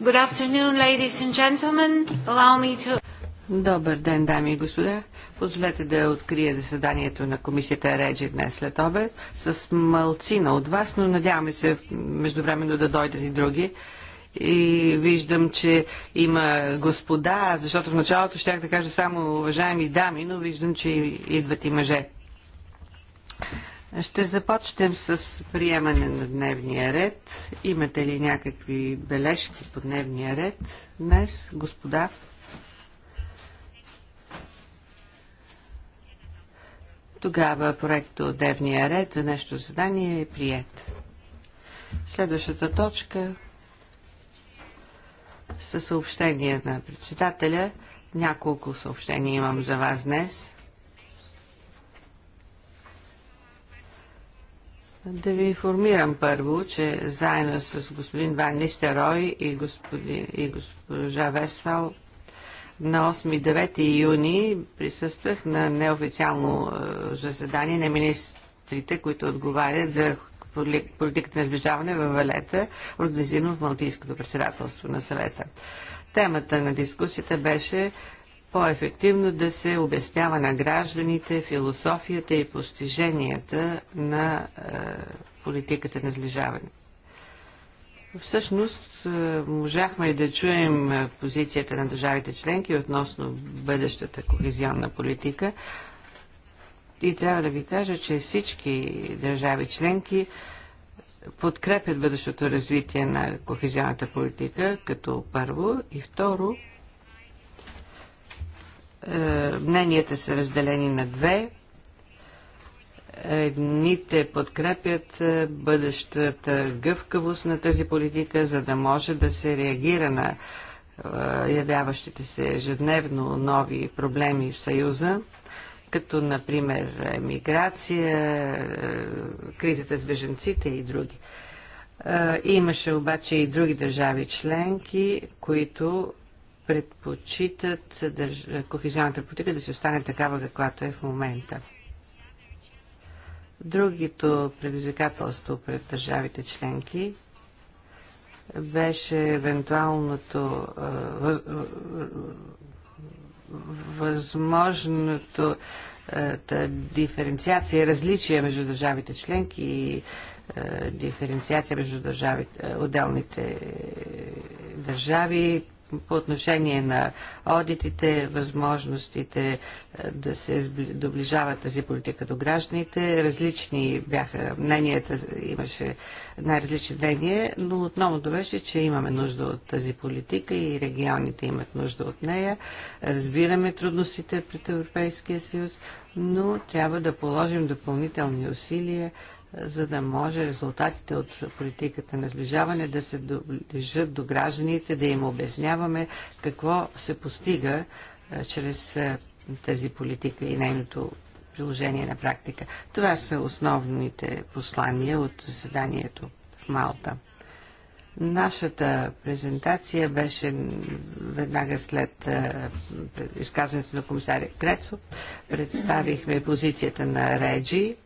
Good afternoon, ladies and gentlemen. Allow me to... Добър ден, дами и господа. Позволете да открия заседанието на комисията Реджи днес след обед с мълцина от вас, но надяваме се междувременно да дойдат и други и виждам, че има господа, защото в началото ще да кажа само уважаеми дами, но виждам, че идват и мъже. Ще започнем с приемане на дневния ред. Имате ли някакви бележки по дневния ред днес, господа? Тогава проекто дневния ред за нещо задание е прият. Следващата точка са съобщения на председателя. Няколко съобщения имам за вас днес – Да ви информирам първо, че заедно с господин Ван Нистерой и, господин, и госпожа Вестфал на 8 и 9 юни присъствах на неофициално е, заседание на министрите, които отговарят за политиката на сближаване в Валета, организирано в Малтийското председателство на съвета. Темата на дискусията беше по-ефективно да се обяснява на гражданите философията и постиженията на е, политиката на сближаване. Всъщност, е, можахме и да чуем е, позицията на държавите членки относно бъдещата кохезионна политика. И трябва да ви кажа, че всички държави членки подкрепят бъдещото развитие на кохезионната политика, като първо. И второ, е, мненията са разделени на две. Едните подкрепят е, бъдещата гъвкавост на тази политика, за да може да се реагира на е, явяващите се ежедневно нови проблеми в Съюза, като например миграция, кризата с беженците и други. Имаше обаче и други държави членки, които предпочитат държ... кохезионната политика да се остане такава, каквато е в момента. Другото предизвикателство пред държавите членки беше евентуалното възможното диференциация, различия между държавите членки и диференциация между държавите, отделните държави, по отношение на одитите, възможностите е, да се доближава тази политика до гражданите. Различни бяха мненията, имаше най-различни мнения, но отново беше, че имаме нужда от тази политика и регионите имат нужда от нея. Разбираме трудностите пред Европейския съюз, но трябва да положим допълнителни усилия за да може резултатите от политиката на сближаване да се доближат до гражданите, да им обясняваме какво се постига е, чрез е, тази политика и нейното приложение на практика. Това са основните послания от заседанието в Малта. Нашата презентация беше веднага след е, изказването на комисаря Крецо. Представихме позицията на Реджи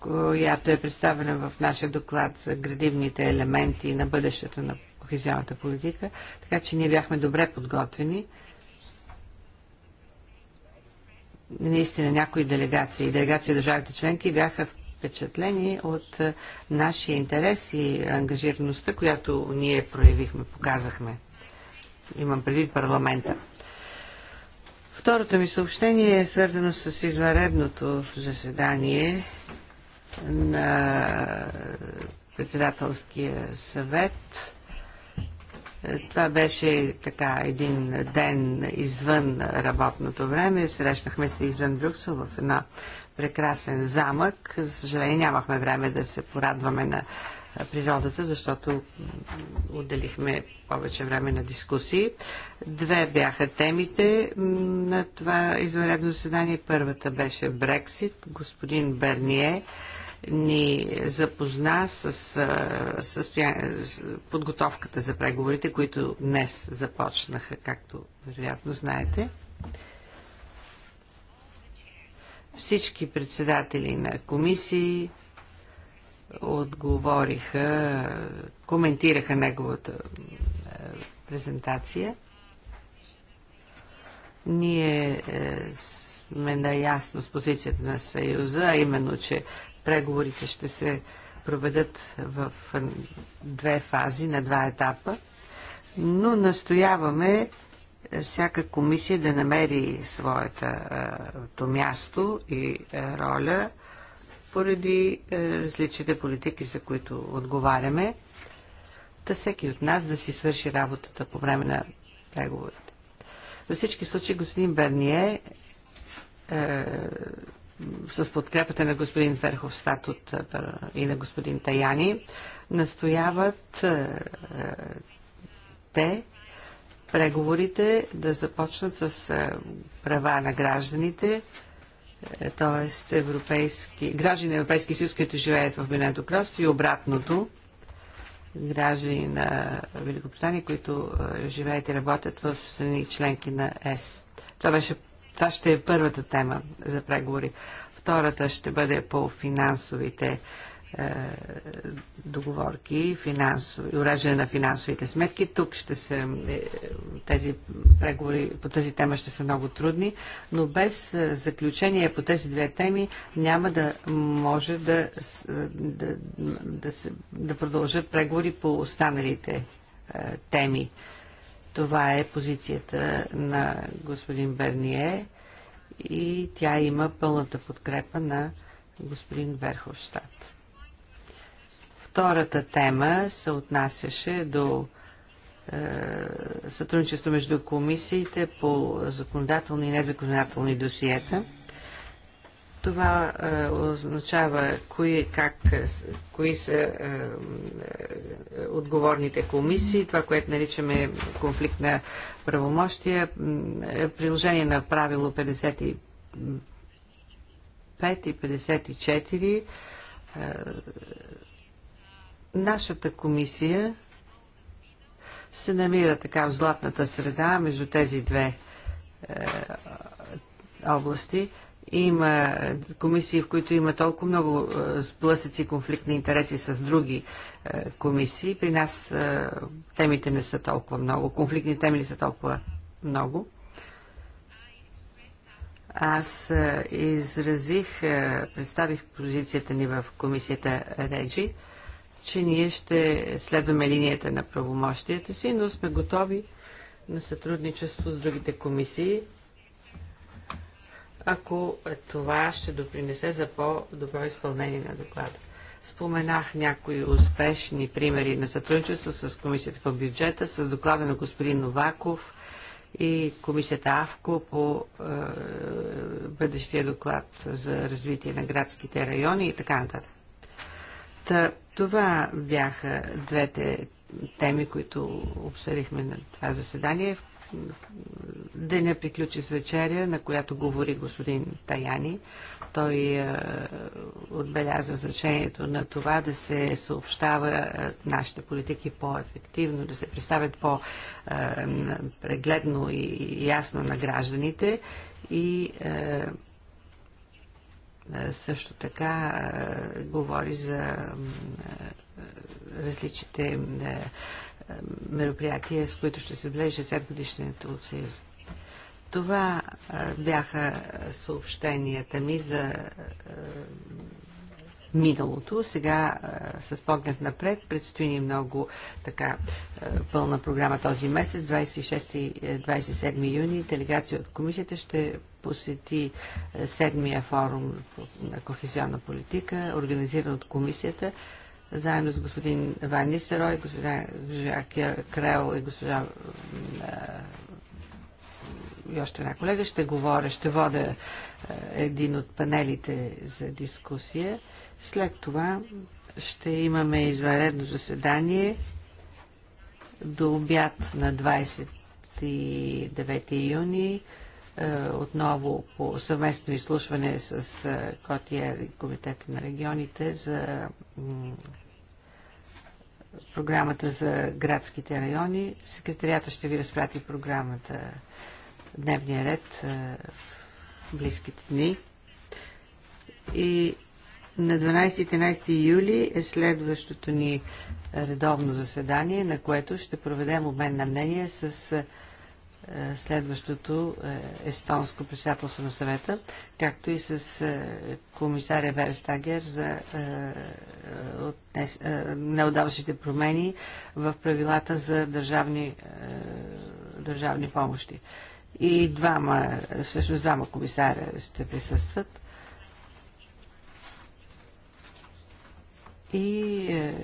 която е представена в нашия доклад за градивните елементи на бъдещето на кохезионната политика, така че ние бяхме добре подготвени. Наистина някои делегации, и делегации държавите членки бяха впечатлени от нашия интерес и ангажираността, която ние проявихме, показахме. Имам предвид парламента. Второто ми съобщение е свързано с извънредното заседание на председателския съвет. Това беше така един ден извън работното време. Срещнахме се извън Брюксел в една прекрасен замък. За съжаление нямахме време да се порадваме на природата, защото отделихме повече време на дискусии. Две бяха темите на това извънредно заседание. Първата беше Брексит. Господин Берние ни запозна с, с подготовката за преговорите, които днес започнаха, както вероятно знаете. Всички председатели на комисии, отговориха, коментираха неговата е, презентация. Ние е, сме наясно с позицията на Съюза, а именно, че преговорите ще се проведат в две фази, на два етапа, но настояваме е, всяка комисия да намери своето място и роля поради е, различните политики, за които отговаряме, да всеки от нас да си свърши работата по време на преговорите. Във всички случаи господин Берние е, с подкрепата на господин Верховстат от, е, и на господин Таяни настояват е, те преговорите да започнат с е, права на гражданите, т.е. европейски, граждани на Европейския съюз, които живеят в Обединеното кралство и обратното, граждани на Великобритания, които е, живеят и работят в страни членки на ЕС. Това, беше, това ще е първата тема за преговори. Втората ще бъде по финансовите е, договорки, финансови, уреждане на финансовите сметки. Тук ще се, е, тези преговори по тази тема ще са много трудни, но без е, заключение по тези две теми няма да може да, да, да, се, да продължат преговори по останалите теми. Това е позицията на господин Берние и тя има пълната подкрепа на господин Верховщад. Втората тема се отнасяше до е, сътрудничество между комисиите по законодателни и незаконодателни досиета. Това е, означава кои, как, кои са е, е, отговорните комисии, това, което наричаме конфликт на правомощия, е приложение на правило 55 и 54 Нашата комисия се намира така в златната среда между тези две е, области. Има комисии, в които има толкова много е, сблъсъци конфликтни интереси с други е, комисии. При нас е, темите не са толкова много, конфликтни теми не са толкова много. Аз е, изразих, е, представих позицията ни в комисията Реджи че ние ще следваме линията на правомощията си, но сме готови на сътрудничество с другите комисии, ако това ще допринесе за по-добро изпълнение на доклада. Споменах някои успешни примери на сътрудничество с Комисията по бюджета, с доклада на господин Новаков и Комисията АВКО по е, бъдещия доклад за развитие на градските райони и така нататък. Та, това бяха двете теми, които обсъдихме на това заседание. Деня приключи с вечеря, на която говори господин Таяни. Той е, отбеляза значението на това да се съобщава е, нашите политики по-ефективно, да се представят по-прегледно е, и ясно на гражданите и е, е, също така е, говори за е, различните мероприятия, с които ще се влежа 60 годишнето от Съюза. Това бяха съобщенията ми за миналото. Сега с поглед напред предстои ни много така пълна програма този месец. 26 и 27 е, юни делегация от комисията ще посети е, седмия форум на кохезионна политика, организиран от комисията заедно с господин Ван Нистерой, госпожа Крел и госпожа и още една колега ще говоря, ще вода е, един от панелите за дискусия. След това ще имаме извънредно заседание до обяд на 29 юни е, отново по съвместно изслушване с е, Котия и Комитета на регионите за програмата за градските райони. Секретарията ще ви разпрати програмата дневния ред е, в близките дни. И на 12-13 юли е следващото ни редовно заседание, на което ще проведем обмен на мнение с е, следващото е, естонско председателство на съвета, както и с е, комисаря Верстагер за неодаващите промени в правилата за държавни, държавни помощи. И двама, всъщност двама комисаря ще присъстват. и е,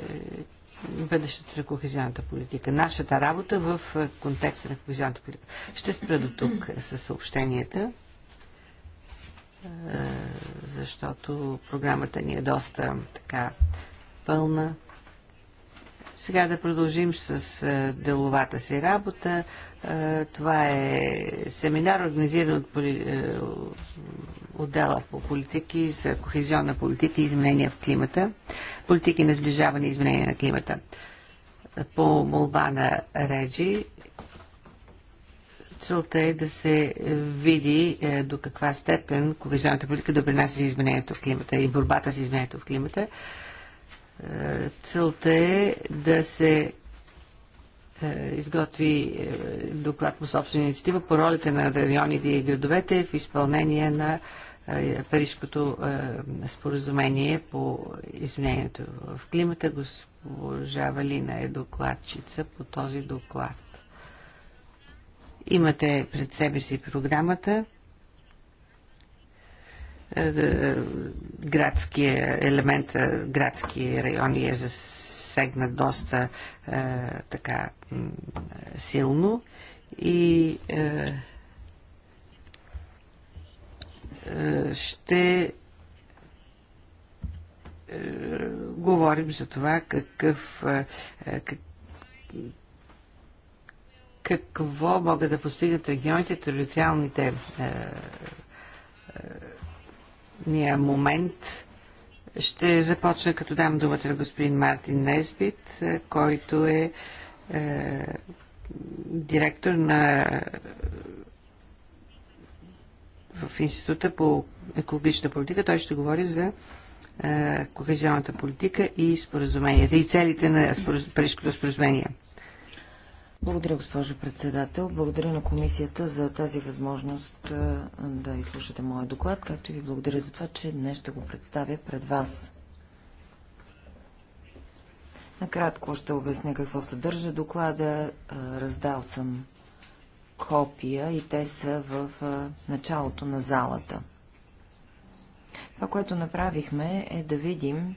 бъдещето на кохезионната политика. Нашата работа в е, контекста на кохезионната политика. Ще спра до тук със съобщенията, е, защото програмата ни е доста така пълна. Сега да продължим с деловата си работа. Това е семинар, организиран от отдела по политики за кохезионна политика и изменения в климата, политики на сближаване и изменения на климата. По молба на Реджи, целта е да се види е, до каква степен кохезионната политика допринася за изменението в климата и борбата с изменението в климата. Е, целта е да се е, изготви доклад по собствена инициатива по ролите на районите и градовете в изпълнение на е, Парижското е, споразумение по изменението в климата. Госпожа Валина е докладчица по този доклад. Имате пред себе си програмата е, градския елемент, градски райони е засегнат доста е, така силно и е, ще е, говорим за това какъв, е, как, какво могат да постигнат регионите, териториалните е, ние момент. Ще започна като дам думата на господин Мартин Несбит, който е, е директор на в Института по екологична политика. Той ще говори за е, кохезионната политика и споразуменията и целите на спораз... Парижското споразумение. Благодаря, госпожо председател. Благодаря на комисията за тази възможност е, да изслушате моя доклад, както и ви благодаря за това, че днес ще го представя пред вас. Накратко ще обясня какво съдържа доклада. Е, раздал съм копия и те са в началото на залата. Това, което направихме е да видим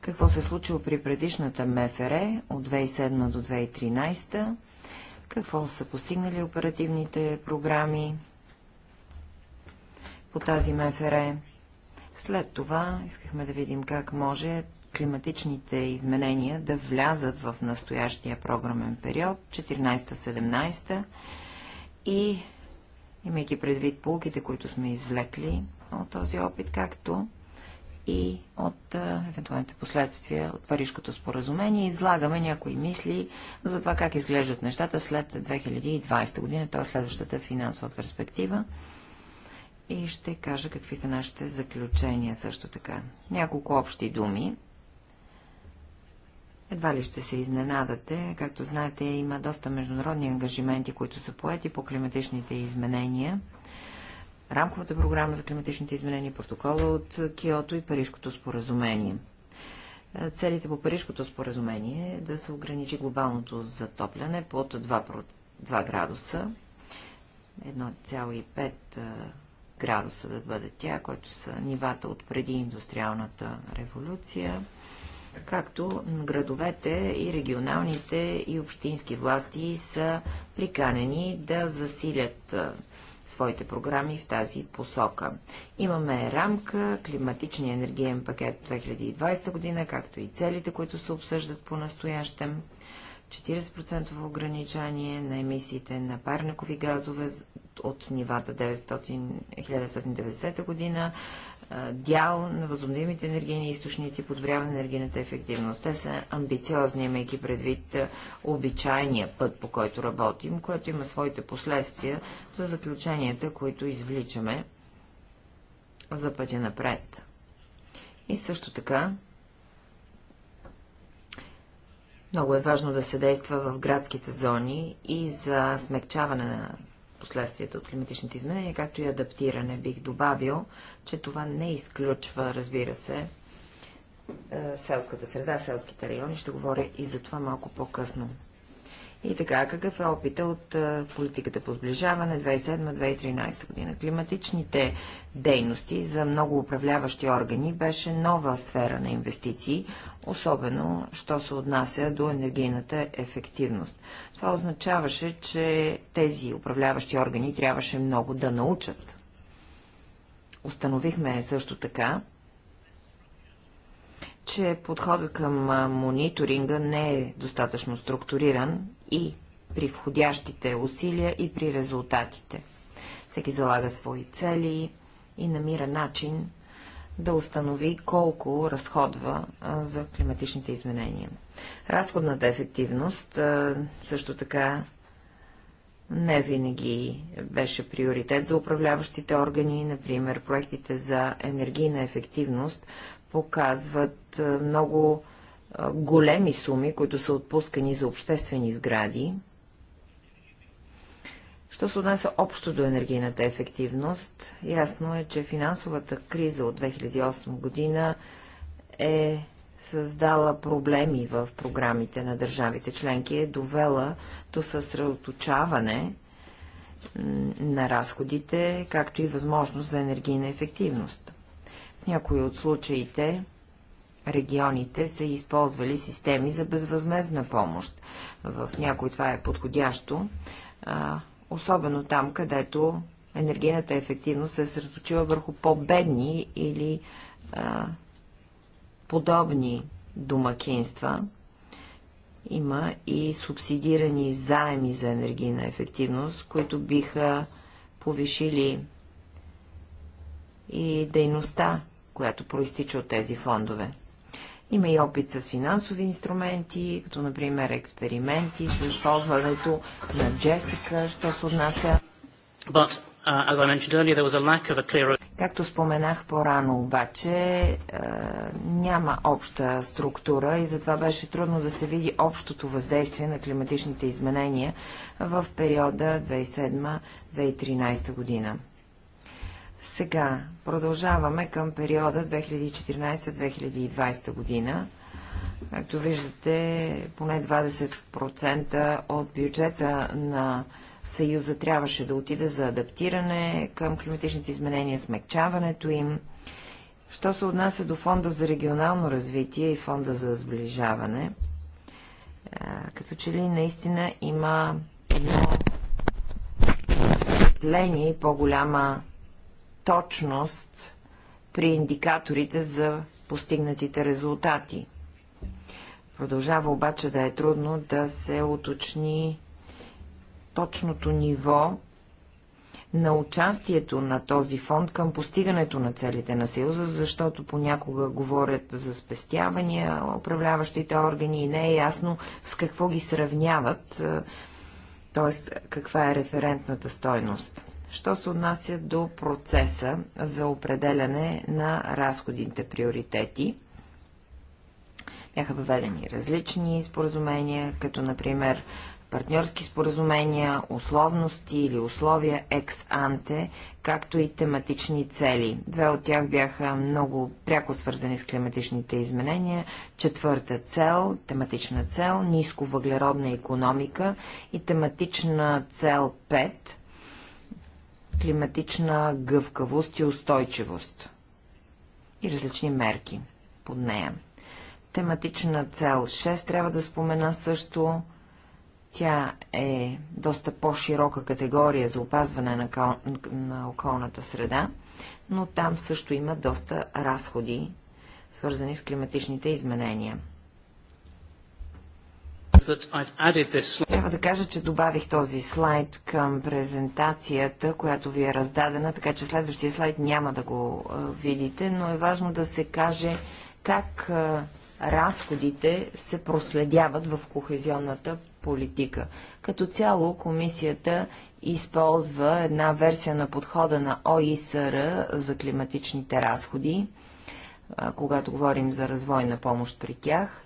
какво се е случило при предишната МФР от 2007 до 2013, какво са постигнали оперативните програми по тази МФР след това искахме да видим как може климатичните изменения да влязат в настоящия програмен период 14-17 и имайки предвид полуките, които сме извлекли от този опит, както и от а, евентуалните последствия от Парижкото споразумение. Излагаме някои мисли за това как изглеждат нещата след 2020 година, т.е. следващата финансова перспектива и ще кажа какви са нашите заключения също така. Няколко общи думи. Едва ли ще се изненадате. Както знаете, има доста международни ангажименти, които са поети по климатичните изменения. Рамковата програма за климатичните изменения, протокола от Киото и Парижкото споразумение. Целите по Парижкото споразумение е да се ограничи глобалното затопляне под 2, 2 градуса 1,5 градуса да бъде тя, което са нивата от преди индустриалната революция, както градовете и регионалните и общински власти са приканени да засилят своите програми в тази посока. Имаме рамка, климатичния енергиен пакет 2020 година, както и целите, които се обсъждат по-настоящем. 40% ограничение на емисиите на парникови газове от нивата 1990 година, дял на възобновимите енергийни източници, подобряване на енергийната ефективност. Те са амбициозни, имайки предвид обичайния път, по който работим, което има своите последствия за заключенията, които извличаме за пътя напред. И също така, много е важно да се действа в градските зони и за смягчаване на последствията от климатичните изменения, както и адаптиране. Бих добавил, че това не изключва, разбира се, е, селската среда, селските райони. Ще говоря и за това малко по-късно. И така, какъв е опита от политиката по сближаване 2007-2013 година? Климатичните дейности за много управляващи органи беше нова сфера на инвестиции, особено, що се отнася до енергийната ефективност. Това означаваше, че тези управляващи органи трябваше много да научат. Установихме също така, че подходът към мониторинга не е достатъчно структуриран и при входящите усилия и при резултатите. Всеки залага свои цели и намира начин да установи колко разходва за климатичните изменения. Разходната ефективност също така не винаги беше приоритет за управляващите органи, например проектите за енергийна ефективност показват много големи суми, които са отпускани за обществени сгради. Що се отнася общо до енергийната ефективност, ясно е, че финансовата криза от 2008 година е създала проблеми в програмите на държавите членки, е довела до съсредоточаване на разходите, както и възможност за енергийна ефективност. Някои от случаите регионите са използвали системи за безвъзмезна помощ. В някои това е подходящо, особено там, където енергийната ефективност се е съсредоточила върху по-бедни или подобни домакинства. Има и субсидирани заеми за енергийна ефективност, които биха повишили и дейността която проистича от тези фондове. Има и опит с финансови инструменти, като например експерименти с използването на Джесика, що се отнася. But, uh, as I mentioned earlier, there was a lack of a clear... Както споменах по-рано обаче, е, няма обща структура и затова беше трудно да се види общото въздействие на климатичните изменения в периода 2007-2013 година. Сега продължаваме към периода 2014-2020 година. Както виждате, поне 20% от бюджета на Съюза трябваше да отиде за адаптиране към климатичните изменения, смягчаването им. Що се отнася до Фонда за регионално развитие и Фонда за сближаване, е, като че ли наистина има едно сцепление и по-голяма точност при индикаторите за постигнатите резултати. Продължава обаче да е трудно да се уточни точното ниво на участието на този фонд към постигането на целите на Съюза, защото понякога говорят за спестявания управляващите органи и не е ясно с какво ги сравняват, е, т.е. каква е референтната стойност що се отнася до процеса за определяне на разходните приоритети. Бяха въведени различни споразумения, като например партньорски споразумения, условности или условия екс-анте, както и тематични цели. Две от тях бяха много пряко свързани с климатичните изменения. Четвърта цел, тематична цел, ниско въглеродна економика и тематична цел 5 климатична гъвкавост и устойчивост и различни мерки под нея. Тематична цел 6 трябва да спомена също. Тя е доста по-широка категория за опазване на, кол... на околната среда, но там също има доста разходи, свързани с климатичните изменения. Трябва да кажа, че добавих този слайд към презентацията, която ви е раздадена, така че следващия слайд няма да го видите, но е важно да се каже как разходите се проследяват в кохезионната политика. Като цяло комисията използва една версия на подхода на ОИСР за климатичните разходи, когато говорим за развойна помощ при тях.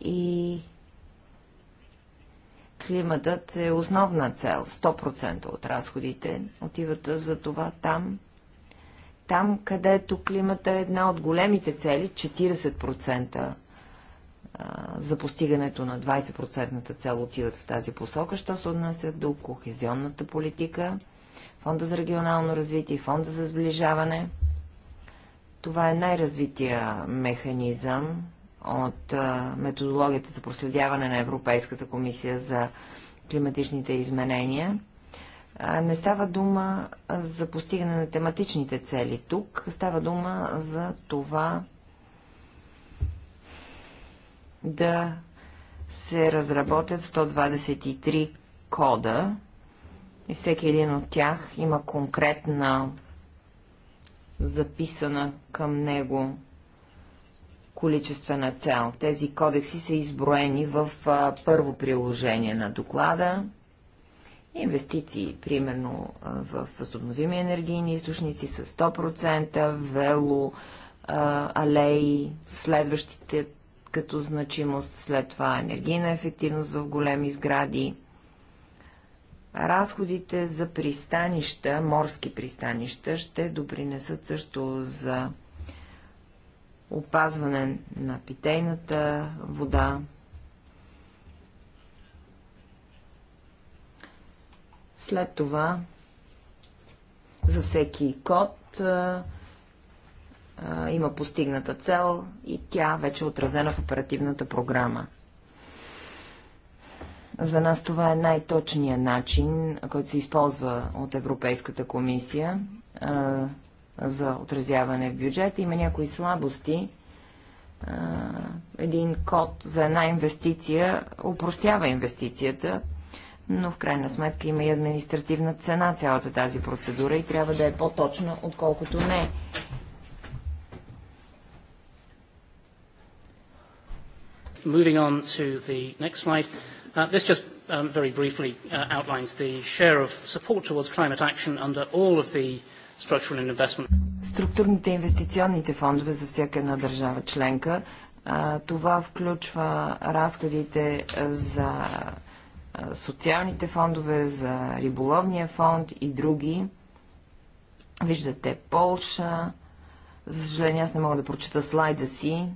И Климатът е основна цел. 100% от разходите отиват за това там. Там, където климата е една от големите цели, 40% за постигането на 20% цел отиват в тази посока, що се отнася до кохезионната политика, фонда за регионално развитие и фонда за сближаване. Това е най-развития механизъм от методологията за проследяване на Европейската комисия за климатичните изменения. Не става дума за постигане на тематичните цели тук, става дума за това да се разработят 123 кода и всеки един от тях има конкретна записана към него количествена цел. Тези кодекси са изброени в първо приложение на доклада. Инвестиции, примерно, в възобновими енергийни източници с 100%, вело, алеи, следващите като значимост, след това енергийна ефективност в големи сгради. Разходите за пристанища, морски пристанища, ще допринесат също за опазване на питейната вода. След това за всеки код а, а, има постигната цел и тя вече е отразена в оперативната програма. За нас това е най-точният начин, който се използва от Европейската комисия а, за отразяване в бюджета. Има някои слабости. Един код за една инвестиция упростява инвестицията, но в крайна сметка има и административна цена цялата тази процедура и трябва да е по-точна, отколкото не. Moving on to the next slide. Uh, this just um, very briefly uh, outlines the share of support towards climate action under all of the uh, Структурните инвестиционните фондове за всяка една държава членка. Това включва разходите за социалните фондове, за риболовния фонд и други. Виждате Полша. За съжаление, аз не мога да прочета слайда си.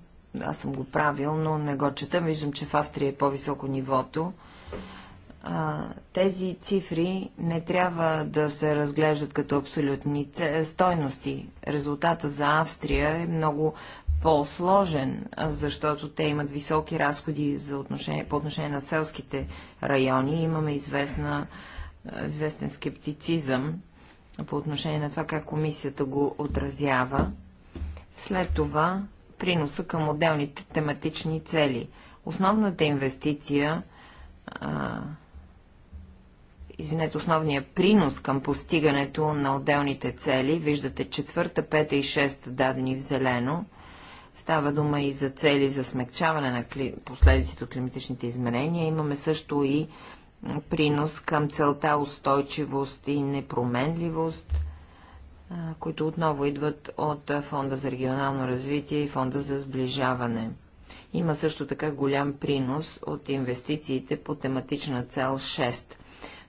Аз съм го правил, но не го чета. Виждам, че в Австрия е по-високо нивото тези цифри не трябва да се разглеждат като абсолютни стойности. Резултата за Австрия е много по-сложен, защото те имат високи разходи за отношение, по отношение на селските райони. Имаме известна, известен скептицизъм по отношение на това как комисията го отразява. След това приноса към отделните тематични цели. Основната инвестиция а, извинете, основния принос към постигането на отделните цели, виждате четвърта, пета и шеста дадени в зелено, Става дума и за цели за смягчаване на кли... последиците от климатичните изменения. Имаме също и принос към целта устойчивост и непроменливост, които отново идват от Фонда за регионално развитие и Фонда за сближаване. Има също така голям принос от инвестициите по тематична цел 6.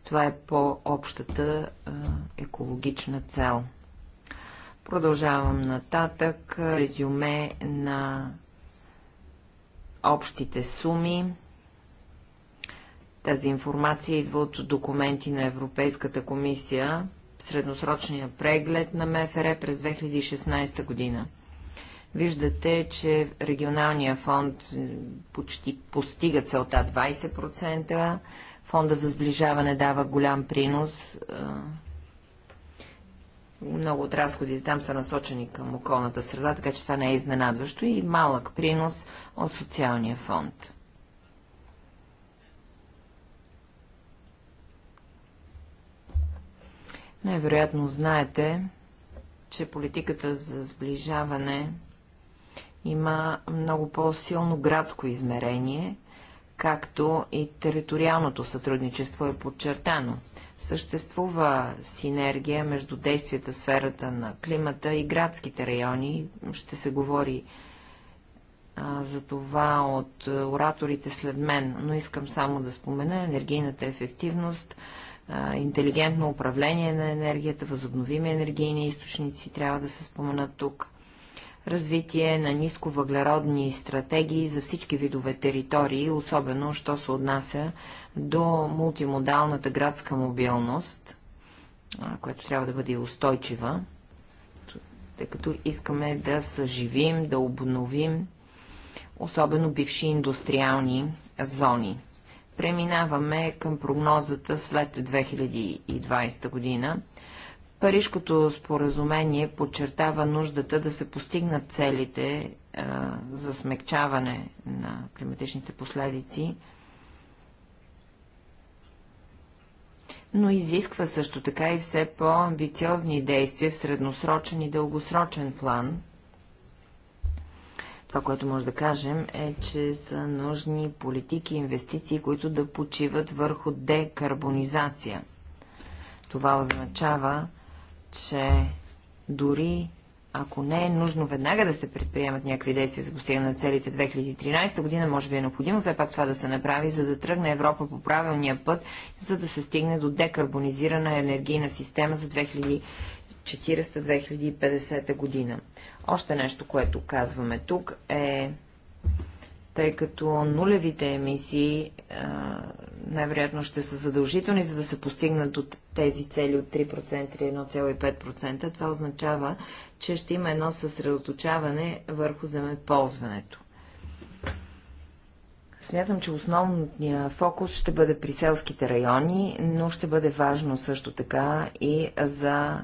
Това е по общата екологична цел. Продължавам нататък. Резюме на общите суми. Тази информация идва от документи на Европейската комисия, средносрочния преглед на МФР през 2016 година. Виждате, че регионалния фонд е, почти постига целта 20%, Фонда за сближаване дава голям принос. Е, много от разходите там са насочени към околната среда, така че това не е изненадващо и малък принос от социалния фонд. Най-вероятно знаете, че политиката за сближаване има много по-силно градско измерение – както и териториалното сътрудничество е подчертано. Съществува синергия между действията в сферата на климата и градските райони. Ще се говори а, за това от ораторите след мен, но искам само да спомена енергийната ефективност, а, интелигентно управление на енергията, възобновими енергийни източници трябва да се споменат тук – развитие на нисковъглеродни стратегии за всички видове територии, особено, що се отнася до мултимодалната градска мобилност, която трябва да бъде устойчива, тъй като искаме да съживим, да обновим, особено бивши индустриални зони. Преминаваме към прогнозата след 2020 година. Парижкото споразумение подчертава нуждата да се постигнат целите а, е, за смягчаване на климатичните последици, но изисква също така и все по-амбициозни действия в средносрочен и дългосрочен план. Това, което може да кажем, е, че са нужни политики и инвестиции, които да почиват върху декарбонизация. Това означава че дори ако не е нужно веднага да се предприемат някакви действия за постигане на целите 2013 година, може би е необходимо все пак това да се направи, за да тръгне Европа по правилния път, за да се стигне до декарбонизирана енергийна система за 2040-2050 година. Още нещо, което казваме тук е, тъй като нулевите емисии а, най-вероятно ще са задължителни, за да се постигнат от тези цели от 3% или 1,5%. Това означава, че ще има едно съсредоточаване върху земеползването. Смятам, че основният фокус ще бъде при селските райони, но ще бъде важно също така и за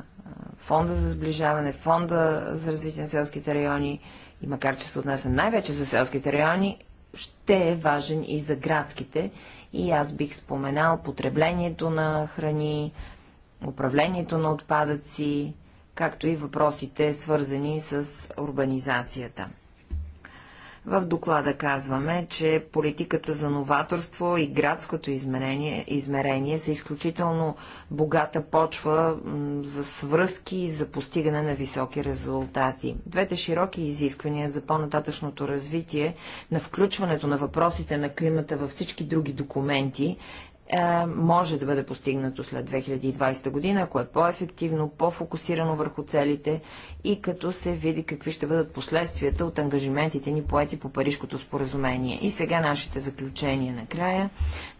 фонда за сближаване, фонда за развитие на селските райони и макар, че се отнася най-вече за селските райони, ще е важен и за градските и аз бих споменал потреблението на храни, управлението на отпадъци, както и въпросите свързани с урбанизацията. В доклада казваме, че политиката за новаторство и градското измерение, измерение са изключително богата почва за свръзки и за постигане на високи резултати. Двете широки изисквания за по-нататъчното развитие на включването на въпросите на климата във всички други документи е, може да бъде постигнато след 2020 година, ако е по-ефективно, по-фокусирано върху целите и като се види какви ще бъдат последствията от ангажиментите ни поети по Парижкото споразумение. И сега нашите заключения накрая.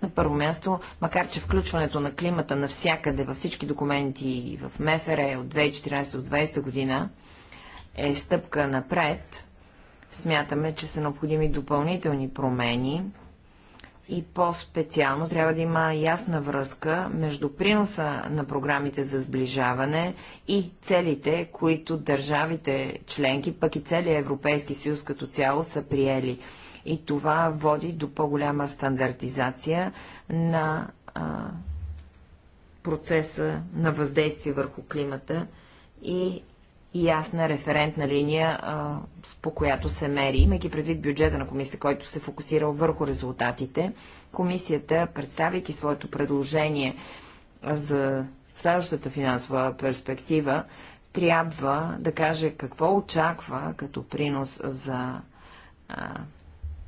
На първо място, макар че включването на климата навсякъде във всички документи в МФР е от 2014 до 2020 година е стъпка напред, смятаме, че са необходими допълнителни промени – и по-специално трябва да има ясна връзка между приноса на програмите за сближаване и целите, които държавите членки, пък и целият Европейски съюз като цяло са приели. И това води до по-голяма стандартизация на а, процеса на въздействие върху климата и и ясна референтна линия, по която се мери. Имайки предвид бюджета на комисията, който се фокусира върху резултатите, комисията, представяйки своето предложение за следващата финансова перспектива, трябва да каже какво очаква като принос за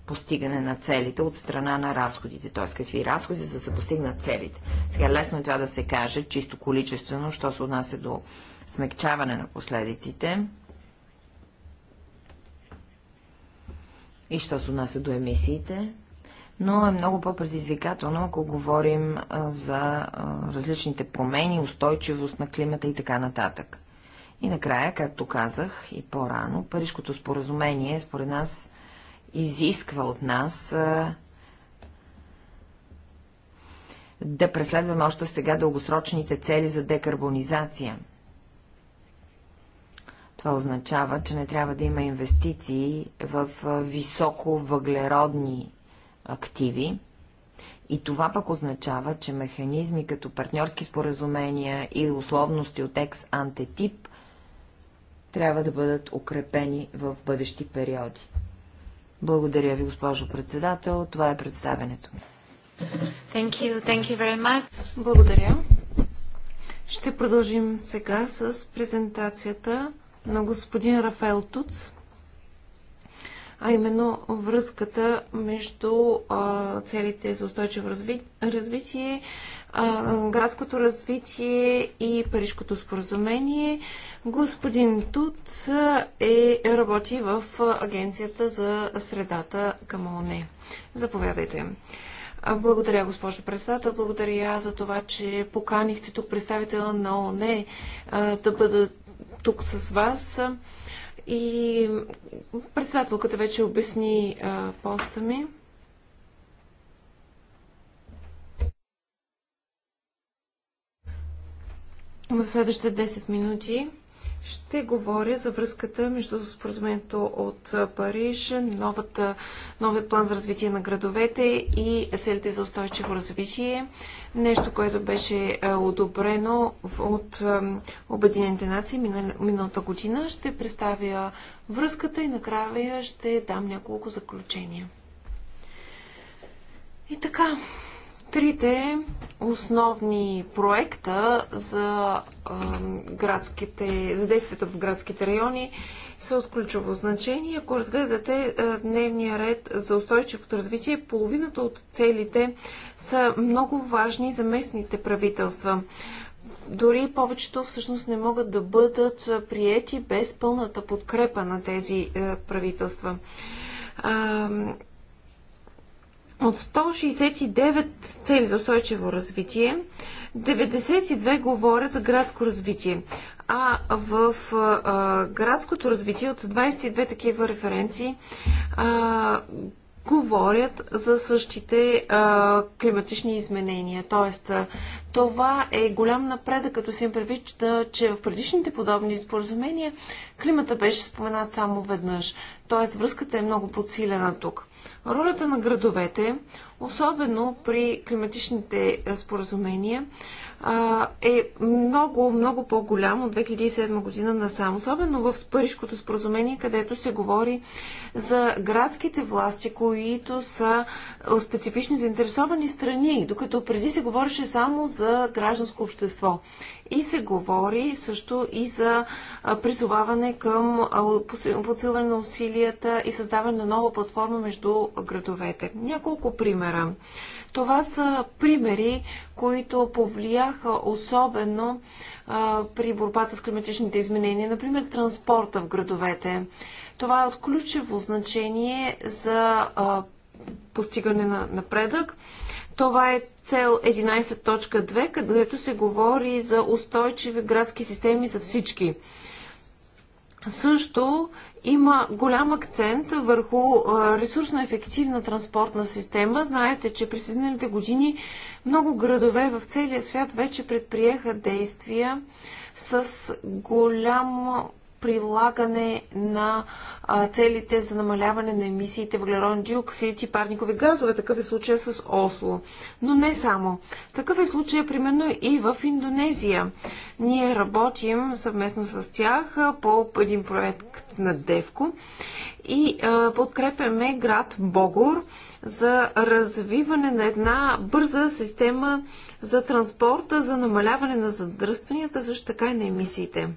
постигане на целите от страна на разходите, т.е. какви разходи за да се постигнат целите. Сега лесно е това да се каже, чисто количествено, що се отнася до смягчаване на последиците. И що се отнася до емисиите, но е много по-предизвикателно, ако говорим за различните промени, устойчивост на климата и така нататък. И накрая, както казах и по-рано, Парижкото споразумение според нас изисква от нас да преследваме още сега дългосрочните цели за декарбонизация – това означава, че не трябва да има инвестиции в високо въглеродни активи. И това пък означава, че механизми като партньорски споразумения и условности от екс-антетип трябва да бъдат укрепени в бъдещи периоди. Благодаря ви, госпожо председател. Това е представенето. Thank you. Thank you very much. Благодаря. Ще продължим сега с презентацията на господин Рафаел Туц, а именно връзката между целите за устойчиво развитие, градското развитие и Парижкото споразумение. Господин Туц е, работи в Агенцията за средата към ОНЕ. Заповядайте. Благодаря, госпожо председател. Благодаря за това, че поканихте тук представител на ОНЕ да бъдат тук с вас и председателката вече обясни а, поста ми. В следващите 10 минути ще говоря за връзката между споразумението от Париж, новата, новият план за развитие на градовете и целите за устойчиво развитие. Нещо, което беше одобрено от Обединените нации миналата година. Ще представя връзката и накрая ще дам няколко заключения. И така, трите основни проекта за, градските, за действията в градските райони са от ключово значение. Ако разгледате дневния ред за устойчивото развитие, половината от целите са много важни за местните правителства. Дори повечето всъщност не могат да бъдат приети без пълната подкрепа на тези правителства от 169 цели за устойчиво развитие, 92 говорят за градско развитие. А в а, градското развитие от 22 такива референции а, говорят за същите а, климатични изменения. Тоест, а, това е голям напредък, като си им предвид, че в предишните подобни споразумения Климата беше споменат само веднъж, т.е. връзката е много подсилена тук. Ролята на градовете, особено при климатичните споразумения, е много, много по-голям от 2007 година насам. Особено в Парижкото споразумение, където се говори за градските власти, които са специфични заинтересовани страни, докато преди се говореше само за гражданско общество. И се говори също и за призоваване към подсилване на усилията и създаване на нова платформа между градовете. Няколко примера. Това са примери, които повлияха особено а, при борбата с климатичните изменения, например транспорта в градовете. Това е от ключово значение за а, постигане на напредък. Това е цел 11.2, където се говори за устойчиви градски системи за всички също има голям акцент върху ресурсно ефективна транспортна система. Знаете, че през изминалите години много градове в целия свят вече предприеха действия с голямо прилагане на целите за намаляване на емисиите въглероден диоксид и парникови газове. Такъв е случая с Осло. Но не само. Такъв е случая, примерно, и в Индонезия. Ние работим съвместно с тях по един проект на Девко и подкрепяме град Богор за развиване на една бърза система за транспорта, за намаляване на задръстванията, също така и на емисиите.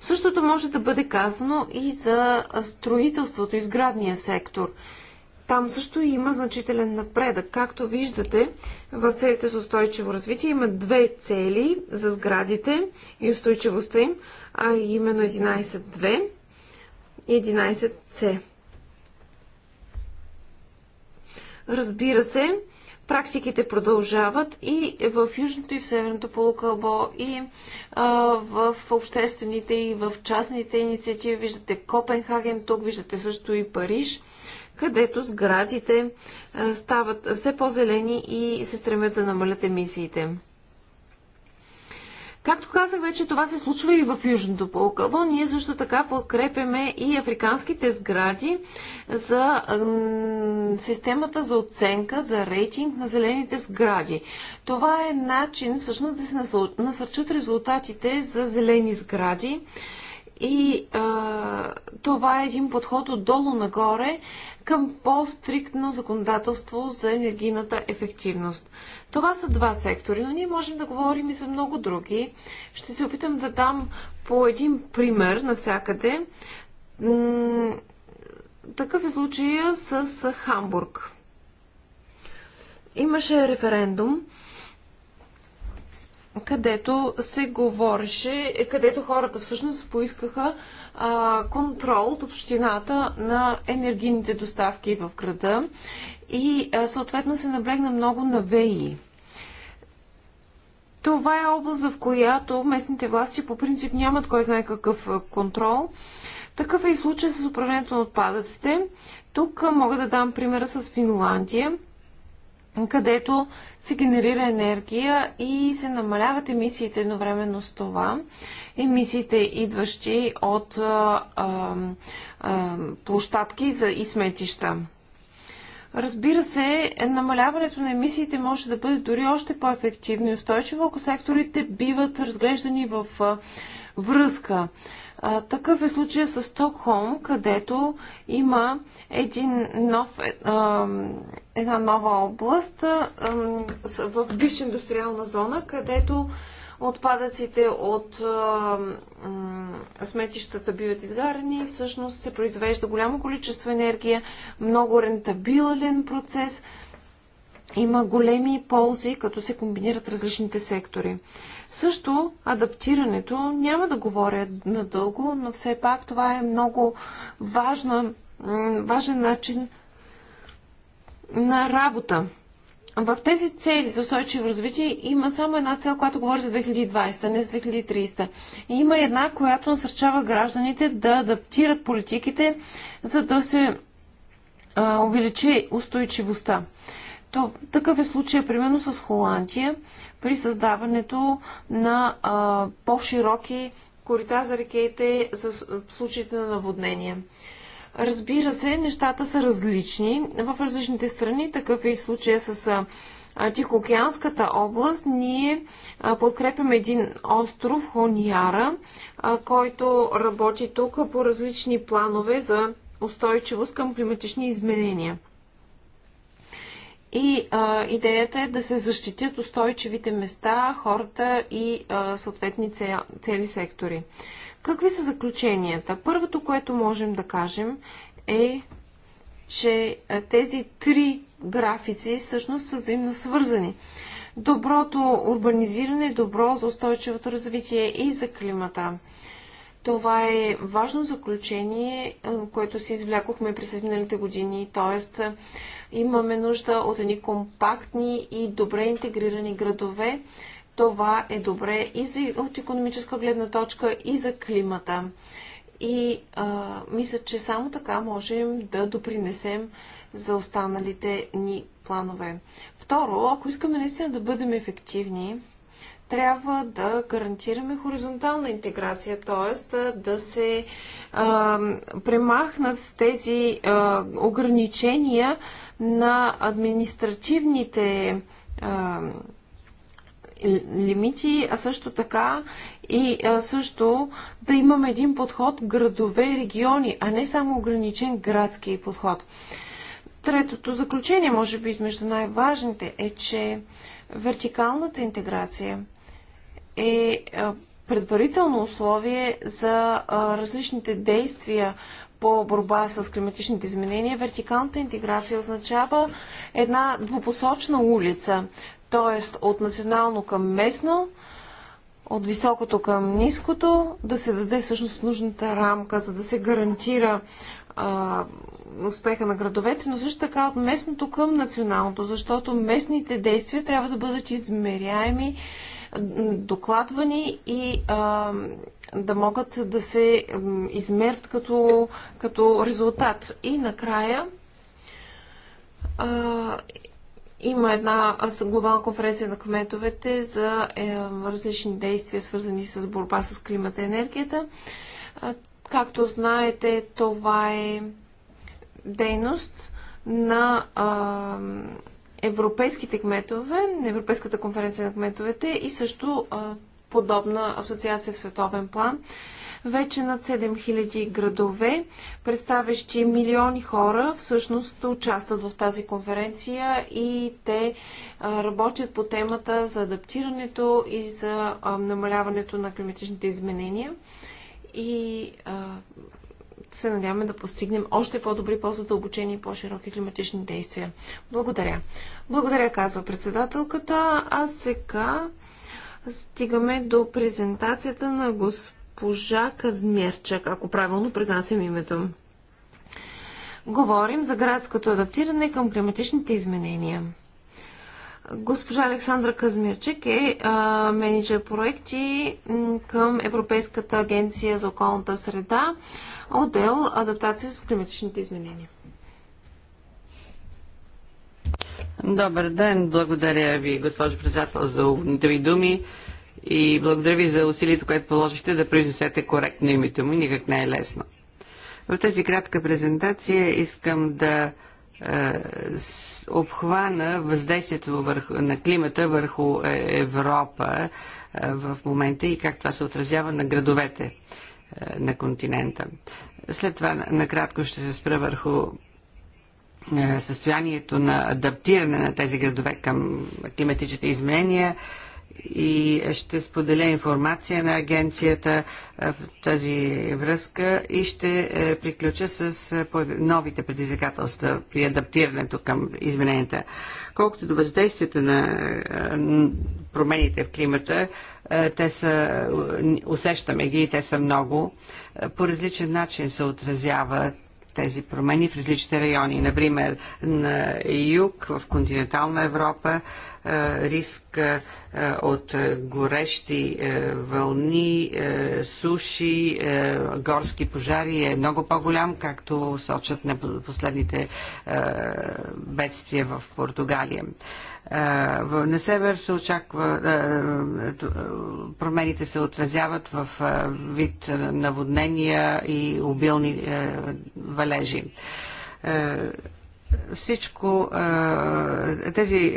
Същото може да бъде казано и за строителството, изградния сектор. Там също има значителен напредък. Както виждате, в целите за устойчиво развитие има две цели за сградите и устойчивостта им, а именно 11.2 и 11.c. Разбира се, Практиките продължават и в Южното и в Северното полукълбо, и а, в обществените, и в частните инициативи. Виждате Копенхаген тук, виждате също и Париж, където сградите а, стават все по-зелени и се стремят да намалят емисиите. Както казах вече, това се случва и в Южното полукълбо. Ние също така подкрепяме и африканските сгради за системата за оценка, за рейтинг на зелените сгради. Това е начин всъщност да се насърчат резултатите за зелени сгради. И а, това е един подход отдолу нагоре към по-стриктно законодателство за енергийната ефективност. Това са два сектори, но ние можем да говорим и за много други. Ще се опитам да дам по един пример навсякъде. Такъв е случая с Хамбург. Имаше референдум, където се говореше, където хората всъщност поискаха контрол от общината на енергийните доставки в града и съответно се наблегна много на ВЕИ. Това е област, в която местните власти по принцип нямат кой знае какъв контрол. Такъв е и случай с управлението на отпадъците. Тук мога да дам примера с Финландия – където се генерира енергия и се намаляват емисиите едновременно с това. Емисиите, идващи от а, а, площадки за и сметища. Разбира се, намаляването на емисиите може да бъде дори още по-ефективно и устойчиво, ако секторите биват разглеждани в връзка. А, такъв е случая с Стокхолм, където има един нов, е, а, една нова област а, в бивша индустриална зона, където отпадъците от а, сметищата биват изгарени. и Всъщност се произвежда голямо количество енергия, много рентабилен процес. Има големи ползи, като се комбинират различните сектори. Също адаптирането, няма да говоря надълго, но все пак това е много важна, важен начин на работа. В тези цели за устойчиво развитие има само една цел, която говори за 2020, не за 2030. И има една, която насърчава гражданите да адаптират политиките, за да се а, увеличи устойчивостта. То, такъв е случай, примерно, с Холандия при създаването на по-широки корита за реките за случаите на наводнения. Разбира се, нещата са различни. В различните страни такъв е и случая с Тихоокеанската област. Ние подкрепяме един остров, Хонияра, който работи тук по различни планове за устойчивост към климатични изменения. И а, идеята е да се защитят устойчивите места, хората и а, съответни цели сектори. Какви са заключенията? Първото, което можем да кажем е, че тези три графици всъщност са взаимно свързани. Доброто урбанизиране е добро за устойчивото развитие и за климата. Това е важно заключение, което си извлякохме през миналите години, т.е. Имаме нужда от едни компактни и добре интегрирани градове. Това е добре и за, от економическа гледна точка, и за климата. И а, мисля, че само така можем да допринесем за останалите ни планове. Второ, ако искаме наистина да бъдем ефективни, трябва да гарантираме хоризонтална интеграция, т.е. да се а, премахнат тези а, ограничения на административните а, лимити, а също така и а, също да имаме един подход градове и региони, а не само ограничен градски подход. Третото заключение, може би измежду най-важните, е, че вертикалната интеграция е предварително условие за различните действия по борба с климатичните изменения, вертикалната интеграция означава една двупосочна улица, т.е. от национално към местно, от високото към ниското, да се даде всъщност нужната рамка, за да се гарантира а, успеха на градовете, но също така от местното към националното, защото местните действия трябва да бъдат измеряеми, докладвани и а, да могат да се измерят като, като резултат. И накрая а, има една глобална конференция на кметовете за е, различни действия, свързани с борба с климата и енергията. А, както знаете, това е дейност на а, европейските кметове, на Европейската конференция на кметовете и също а, подобна асоциация в световен план. Вече над 7000 градове, представящи милиони хора, всъщност участват в тази конференция и те работят по темата за адаптирането и за намаляването на климатичните изменения. И се надяваме да постигнем още по-добри, по-задълбочени и по-широки климатични действия. Благодаря. Благодаря, казва председателката. А сега стигаме до презентацията на госпожа Казмерчак, ако правилно произнасям името. Говорим за градското адаптиране към климатичните изменения. Госпожа Александра Казмирчик е а, менеджер проекти към Европейската агенция за околната среда, отдел адаптация с климатичните изменения. Добър ден, благодаря ви, госпожо председател, за умните ви думи и благодаря ви за усилието, което положихте да произнесете коректно името ми. Никак не е лесно. В тази кратка презентация искам да е, обхвана въздействието върху, на климата върху е, Европа е, в момента и как това се отразява на градовете е, на континента. След това накратко ще се спра върху е, състоянието на адаптиране на тези градове към климатичните изменения и ще споделя информация на агенцията е, в тази връзка и ще е, приключа с новите предизвикателства при адаптирането към измененията. Колкото до въздействието на промените в климата, те са, усещаме ги и те са много. По различен начин се отразяват тези промени в различните райони. Например, на юг, в континентална Европа, е, риск е, от горещи е, вълни, суши, горски пожари е много по-голям, както сочат на последните бедствия в Португалия. На север се очаква, промените се отразяват в вид наводнения и обилни валежи всичко, тези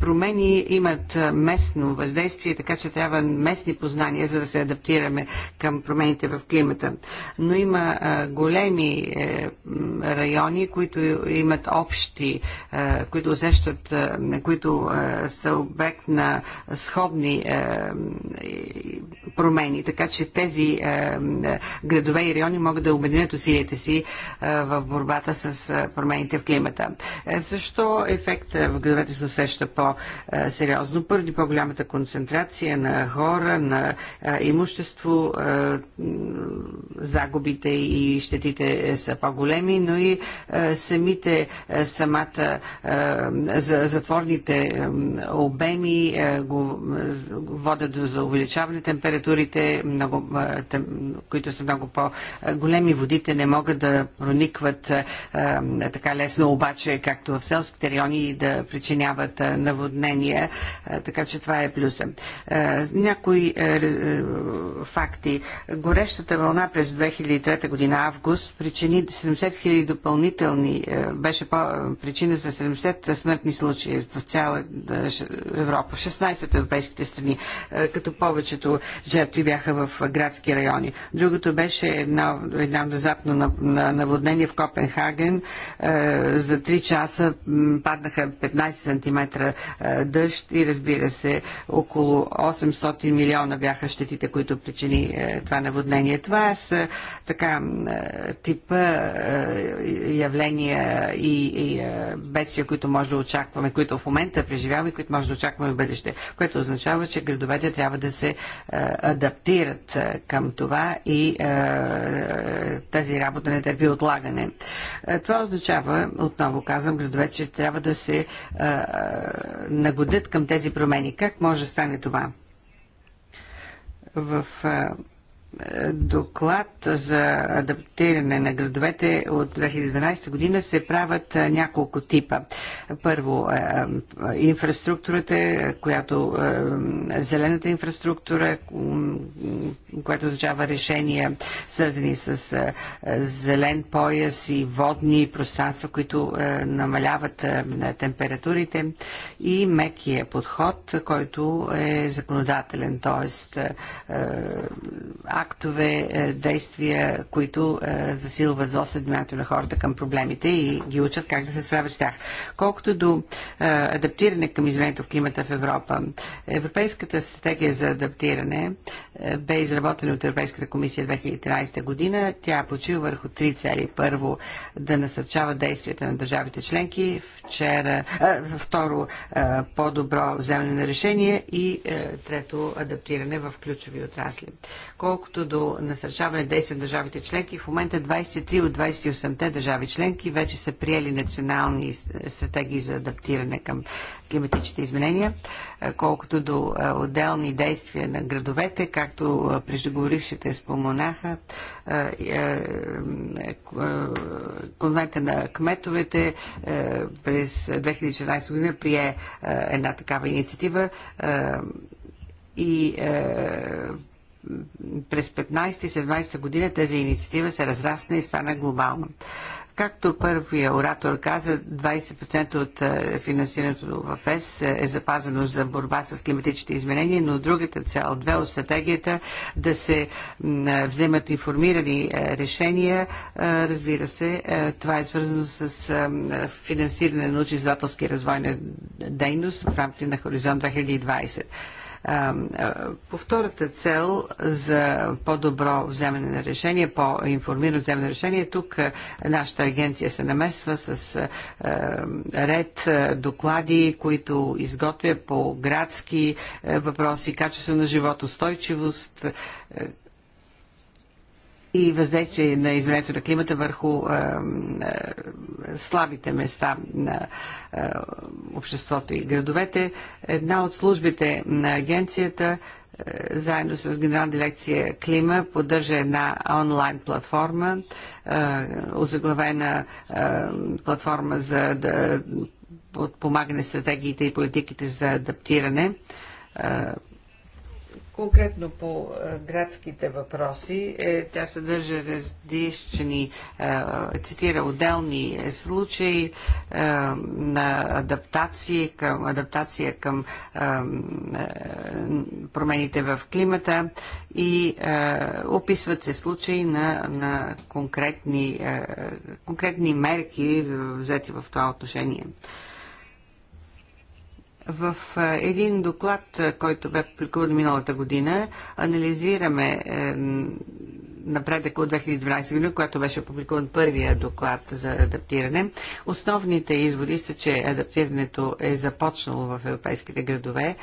промени имат местно въздействие, така че трябва местни познания, за да се адаптираме към промените в климата. Но има големи е, райони, които имат общи, които усещат, които са обект на сходни е, промени, така че тези е, градове и райони могат да обединят усилията си в борбата с за промените в климата. Е, защо ефекта в градовете се усеща по-сериозно? Първи по-голямата концентрация на хора, на е, имущество, е, загубите и щетите са по-големи, но и самите, самата, затворните обеми го водят за увеличаване температурите, много, които са много по-големи. Водите не могат да проникват така лесно, обаче, както в селските райони, да причиняват наводнения, така че това е плюс. Някои факти. Горещата вълна през 2003 година, август, причини 70 000 допълнителни, беше причина за 70 смъртни случаи в цяла Европа, в 16 европейските страни, като повечето жертви бяха в градски райони. Другото беше едно, едно внезапно наводнение в Копенхаген, е, за 3 часа паднаха 15 см е, дъжд и разбира се, около 800 милиона бяха щетите, които причини е, това наводнение. Това са така типа явления и, и бедствия, които може да очакваме, които в момента преживяваме, които може да очакваме в бъдеще, което означава, че градовете трябва да се адаптират към това и тази работа не търпи отлагане. Това означава, отново казвам, градове, че трябва да се а, нагодят към тези промени. Как може да стане това? В а, доклад за адаптиране на градовете от 2012 година се правят няколко типа. Първо, инфраструктурата, която зелената инфраструктура, която означава решения, свързани с зелен пояс и водни пространства, които намаляват температурите и мекия подход, който е законодателен, т.е актове, е, действия, които е, засилват за осъдмянето на хората към проблемите и ги учат как да се справят с тях. Колкото до е, адаптиране към изменението в климата в Европа, Европейската стратегия за адаптиране бе изработена от Европейската комисия 2013 година. Тя почива върху три цели. Първо, да насърчава действията на държавите членки. Вчера, второ, по-добро вземане на решение и трето, адаптиране в ключови отрасли. Колкото Колкото до насърчаване действия на държавите членки, в момента 23 от 28-те държави членки вече са приели национални стратегии за адаптиране към климатичните изменения. Колкото до отделни действия на градовете, както преждеговорившите споменаха, конвента на кметовете през 2016 година прие една такава инициатива и е, през 15-17 година тази инициатива се разрасна и стана глобална. Както първия оратор каза, 20% от е, финансирането в ЕС е запазено за борба с климатичните изменения, но другата цел, две от стратегията, да се е, вземат информирани е, решения, разбира се, това е свързано с финансиране на научно-изследователски развойна дейност в рамките на Хоризонт 2020. По втората цел за по-добро вземане на решение, по-информирано вземане на решение, тук нашата агенция се намесва с ред доклади, които изготвя по градски въпроси, качество на живот, устойчивост, и въздействие на изменението на климата върху е, е, слабите места на е, обществото и градовете. Една от службите на агенцията заедно с генерална дирекция Клима поддържа една онлайн платформа, озаглавена платформа за да подпомагане стратегиите и политиките за адаптиране Конкретно по градските въпроси, е, тя съдържа различни, е цитира отделни е, случаи на адаптации към, адаптация към промените в климата и описват се случаи на, на конкретни, конкретни мерки взети в това отношение. В е, един доклад, е, който бе публикуван миналата година, анализираме е, напредък от 2012 година, когато беше публикуван първия доклад за адаптиране. Основните изводи са, че адаптирането е започнало в европейските градове.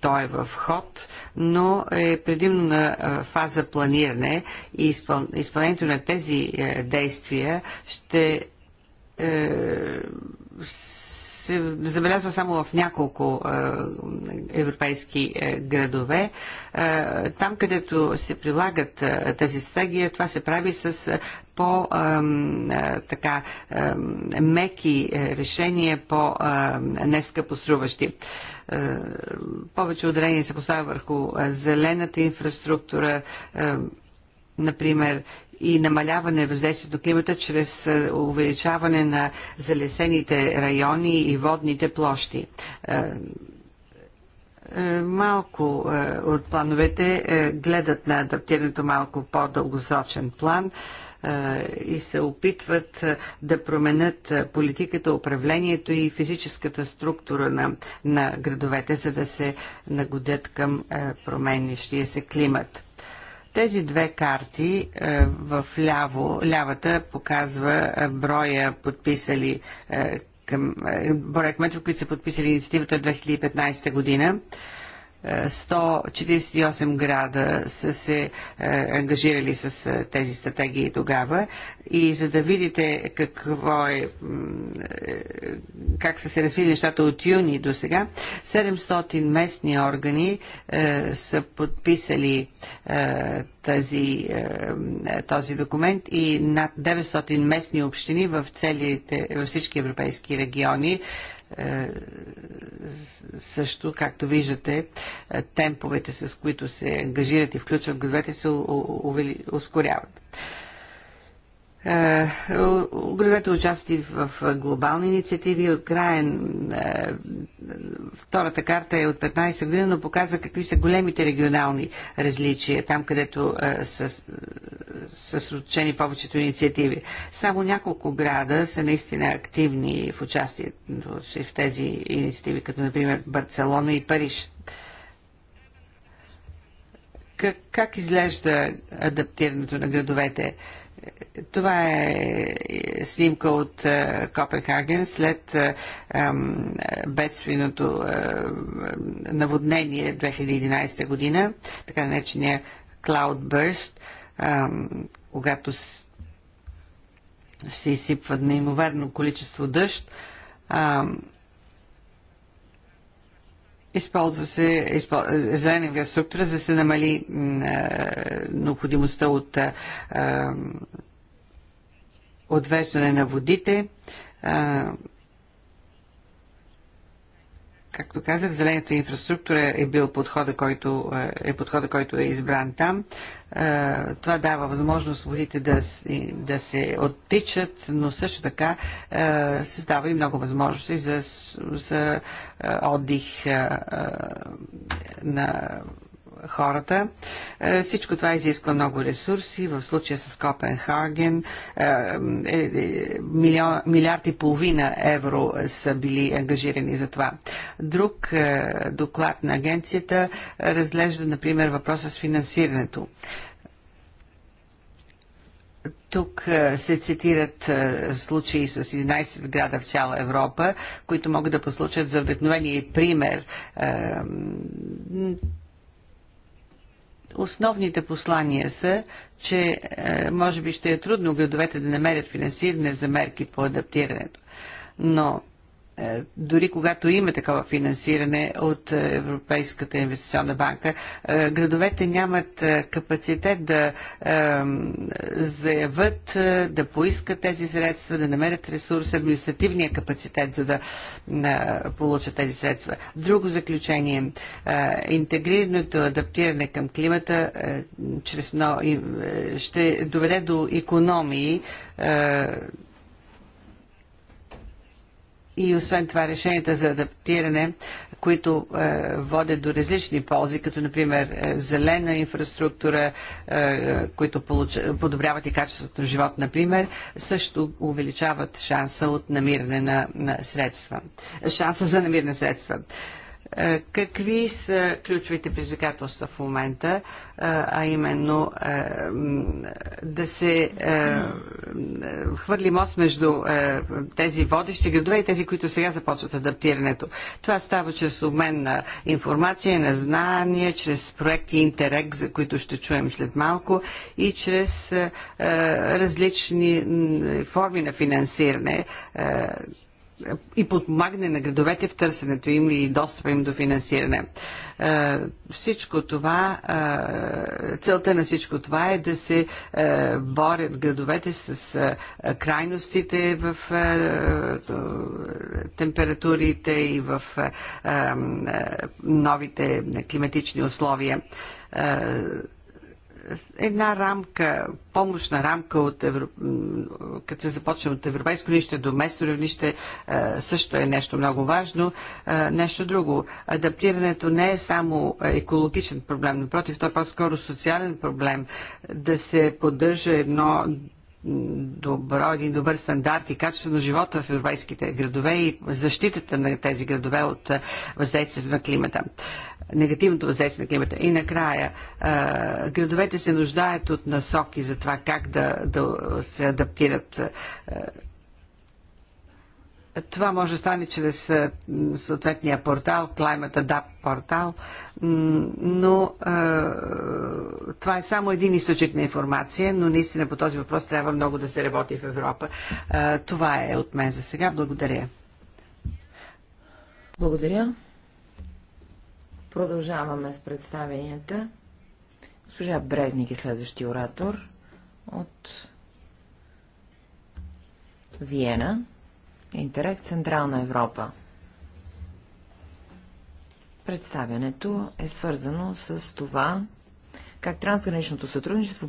То е в ход, но е предимно на фаза планиране и изпълнението на тези действия ще се забелязва само в няколко е, европейски е, градове. Е, там, където се прилагат тази стратегия, това се прави с по така меки решения, по нескъпо поструващи. Повече ударение се поставя върху зелената инфраструктура, например, и намаляване въздействието на климата чрез е, увеличаване на залесените райони и водните площи е, е, малко от плановете гледат на адаптирането малко по-дългосрочен план и се опитват да променят политиката, управлението и физическата структура на, на градовете, за да се нагодят към променящия се климат. Тези две карти е, в ляво, лявата показва е, броя подписали е, към броя кметове, които са подписали инициативата от 2015 година 148 града са се е, ангажирали с е, тези стратегии тогава и за да видите какво е, е, как са се развили нещата от юни до сега, 700 местни органи са подписали тази, този документ и над 900 местни общини в, целите, във всички европейски региони е, също, както виждате, е, темповете, с които се ангажират и включват градовете, се ускоряват. Е, градовете участие в глобални инициативи. От края е, втората карта е от 15 година, но показва какви са големите регионални различия, там където е, са съсредоточени повечето инициативи. Само няколко града са наистина активни в участието в тези инициативи, като например Барселона и Париж как, как изглежда адаптирането на градовете? Това е, е снимка от е, Копенхаген след е, бедственото наводнение 2011 година, така наречения Cloudburst, когато се изсипва неимоверно количество дъжд. Използва се заедна зелена инфраструктура, за да се намали е, необходимостта от е, е, отвеждане на водите. Е, Както казах, зелената инфраструктура е бил подхода, който е, е подхода, който е избран там. Е, това дава възможност водите да, да се оттичат, но също така е, създава и много възможности за, за отдих на хората. Е, всичко това изисква много ресурси. В случая с Копенхаген е, е, милиард и половина евро са били ангажирани за това. Друг доклад на агенцията разглежда, например, въпроса с финансирането. Тук се цитират случаи с 11 града в цяла Европа, които могат да послучат за вдъхновение и пример. Основните послания са, че е, може би ще е трудно градовете да намерят финансиране за мерки по адаптирането. Но е, дори когато има такова финансиране от Европейската инвестиционна банка, е, градовете нямат е, капацитет да заявят, да поискат тези средства, да намерят ресурс, административния капацитет, за да получат тези средства. Друго заключение. Интегрираното адаптиране към климата чрез, ще доведе до економии и освен това решенията за адаптиране, които е, водят до различни ползи, като например е, зелена инфраструктура, е, е, които получ... подобряват и качеството на живот, например, също увеличават шанса от намиране на, на средства. Шанса за намиране на средства. Е, е, какви са ключовите предизвикателства в момента, е, а именно е, да се хвърли мост между тези водещи градове и тези, които сега започват адаптирането? Това става чрез обмен на информация, на знания, чрез проекти Интерек, за които ще чуем след малко, и чрез различни форми на финансиране и подпомагане на градовете в търсенето им и достъпа им до финансиране. Е, всичко това, е, целта на всичко това е да се е, борят градовете с крайностите в температурите и в новите климатични условия една рамка, помощна рамка, от Евро... като се започне от европейско нище до местно равнище, е, също е нещо много важно. Е, нещо друго. Адаптирането не е само екологичен проблем, напротив, то е по-скоро социален проблем. Да се поддържа едно добро, един добър стандарт и качество на живота в европейските градове и защитата на тези градове от е, въздействието на климата негативното въздействие на климата. И накрая, градовете се нуждаят от насоки за това как да, да се адаптират. Това може да стане чрез съответния портал, Climate Adapt портал, но това е само един източник на информация, но наистина по този въпрос трябва много да се работи в Европа. това е от мен за сега. Благодаря. Благодаря. Продължаваме с представенията. Служа Брезник е следващия оратор от Виена. Интерект Централна Европа. Представянето е свързано с това, как трансграничното сътрудничество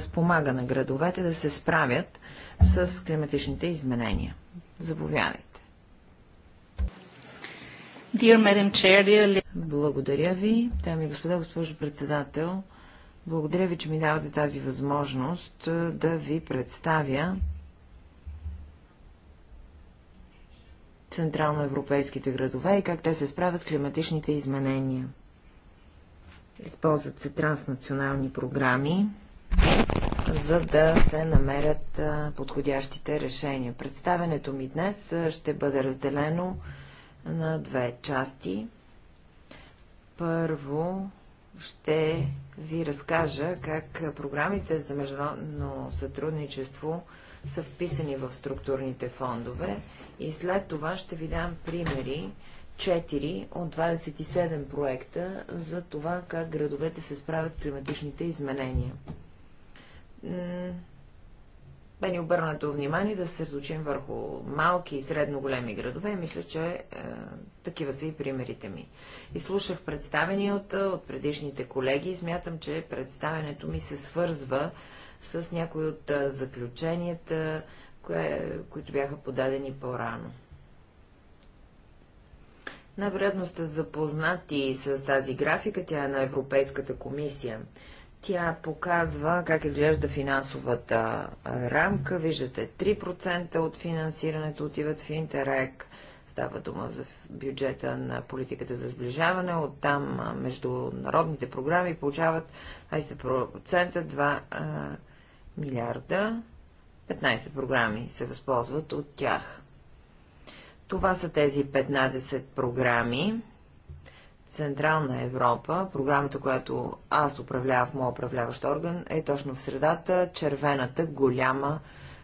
спомага на градовете да се справят с климатичните изменения. Заповядайте. Благодаря ви, дами и господа, госпожо председател. Благодаря ви, че ми давате тази възможност да ви представя централноевропейските градове и как те се справят климатичните изменения. Използват се транснационални програми, за да се намерят подходящите решения. Представенето ми днес ще бъде разделено на две части. Първо ще ви разкажа как програмите за международно сътрудничество са вписани в структурните фондове и след това ще ви дам примери 4 от 27 проекта за това как градовете се справят климатичните изменения бе ни обърнато внимание да се съсредоточим върху малки и средно големи градове. Мисля, че е, такива са и примерите ми. И слушах представенията от предишните колеги и смятам, че представенето ми се свързва с някои от е, заключенията, кое, които бяха подадени по-рано. Най-вероятно сте запознати с тази графика, тя е на Европейската комисия. Тя показва как изглежда финансовата рамка. Виждате, 3% от финансирането отиват в Интерек. Става дума за бюджета на политиката за сближаване. Оттам международните програми получават 20%, 2 милиарда. 15 програми се възползват от тях. Това са тези 15 програми Централна Европа, програмата, която аз управлявам в моя управляващ орган, е точно в средата червената голяма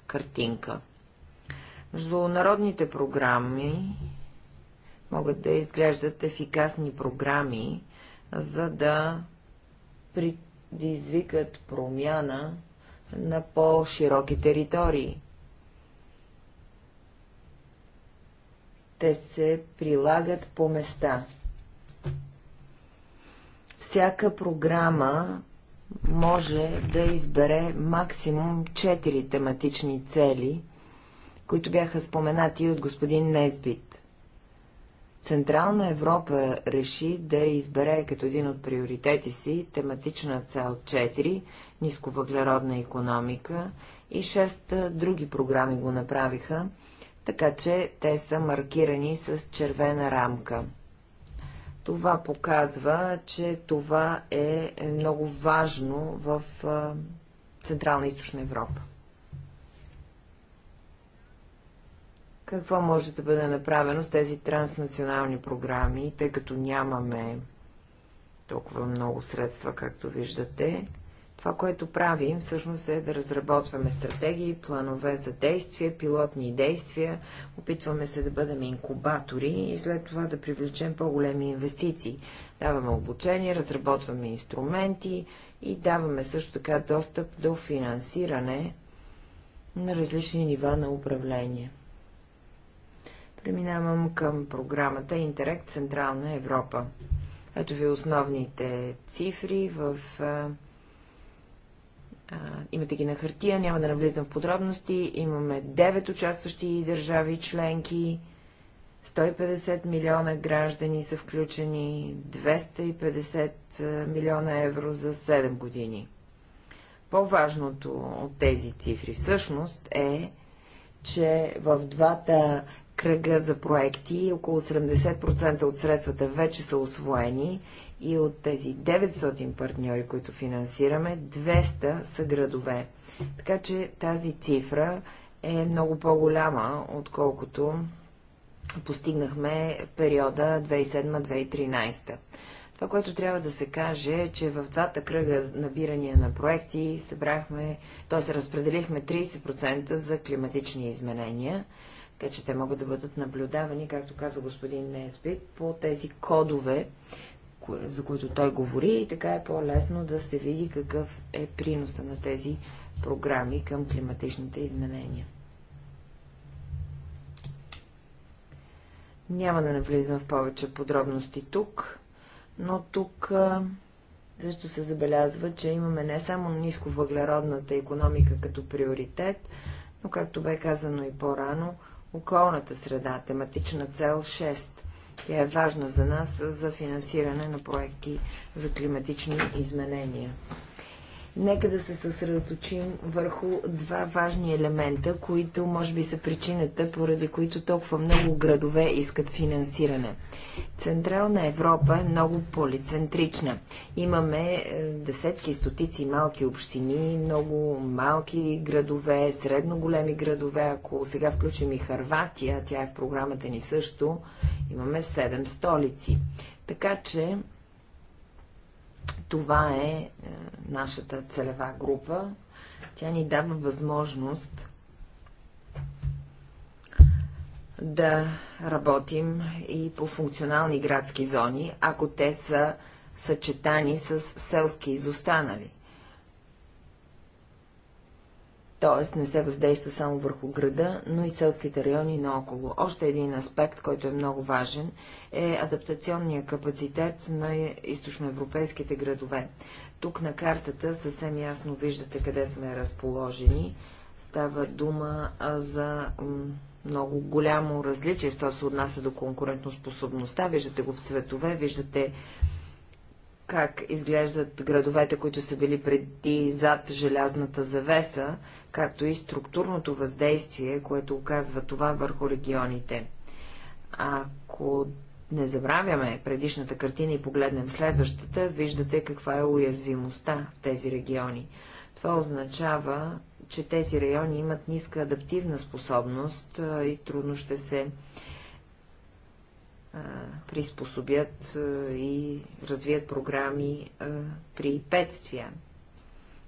картинка. Международните програми могат да изглеждат ефикасни програми, за да предизвикат промяна на по-широки територии. Те се прилагат по места всяка програма може да избере максимум 4 тематични цели, които бяха споменати от господин Незбит. Централна Европа реши да избере като един от приоритети си тематична цел 4 – нисковъглеродна економика и 6 други програми го направиха, така че те са маркирани с червена рамка – това показва, че това е много важно в Централна и Източна Европа. Какво може да бъде направено с тези транснационални програми, тъй като нямаме толкова много средства, както виждате? Това, което правим, всъщност е да разработваме стратегии, планове за действие, пилотни действия. Опитваме се да бъдем инкубатори и след това да привлечем по-големи инвестиции. Даваме обучение, разработваме инструменти и даваме също така достъп до финансиране на различни нива на управление. Преминавам към програмата Интерект Централна Европа. Ето ви основните цифри в а, имате ги на хартия, няма да навлизам в подробности. Имаме 9 участващи държави членки, 150 милиона граждани са включени, 250 милиона евро за 7 години. По-важното от тези цифри всъщност е, че в двата кръга за проекти около 70% от средствата вече са освоени и от тези 900 партньори, които финансираме, 200 са градове. Така че тази цифра е много по-голяма, отколкото постигнахме периода 2007-2013. Това, което трябва да се каже, е, че в двата кръга набирания на проекти събрахме, т.е. разпределихме 30% за климатични изменения, така че те могат да бъдат наблюдавани, както каза господин Несбит, по тези кодове, за които той говори и така е по-лесно да се види какъв е приноса на тези програми към климатичните изменения. Няма да навлизам в повече подробности тук, но тук също се забелязва, че имаме не само ниско въглеродната економика като приоритет, но както бе казано и по-рано, околната среда, тематична цел 6. Тя е важна за нас за финансиране на проекти за климатични изменения. Нека да се съсредоточим върху два важни елемента, които може би са причината, поради които толкова много градове искат финансиране. Централна Европа е много полицентрична. Имаме е, десетки, стотици малки общини, много малки градове, средно големи градове. Ако сега включим и Харватия, тя е в програмата ни също, имаме седем столици. Така че това е, е нашата целева група. Тя ни дава възможност да работим и по функционални градски зони, ако те са съчетани с селски изостанали т.е. не се въздейства само върху града, но и селските райони наоколо. Още един аспект, който е много важен, е адаптационния капацитет на източноевропейските градове. Тук на картата съвсем ясно виждате къде сме разположени. Става дума за много голямо различие, що се отнася до конкурентоспособността. Виждате го в цветове, виждате как изглеждат градовете, които са били преди зад желязната завеса, както и структурното въздействие, което оказва това върху регионите. Ако не забравяме предишната картина и погледнем следващата, виждате каква е уязвимостта в тези региони. Това означава, че тези райони имат ниска адаптивна способност и трудно ще се приспособят и развият програми при бедствия.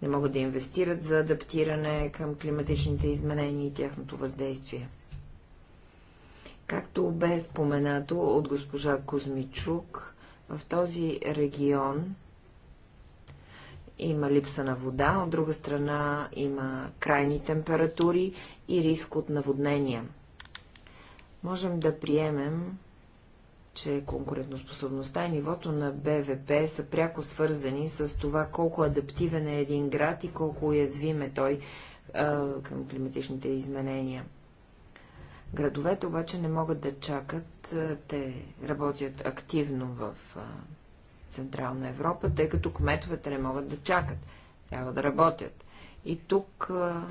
Не могат да инвестират за адаптиране към климатичните изменения и тяхното въздействие. Както бе споменато от госпожа Кузмичук, в този регион има липса на вода, от друга страна има крайни температури и риск от наводнения. Можем да приемем, че конкурентоспособността и нивото на БВП са пряко свързани с това колко адаптивен е един град и колко уязвим е той а, към климатичните изменения. Градовете обаче не могат да чакат. Те работят активно в а, Централна Европа, тъй като кметовете не могат да чакат. Трябва да работят. И тук а,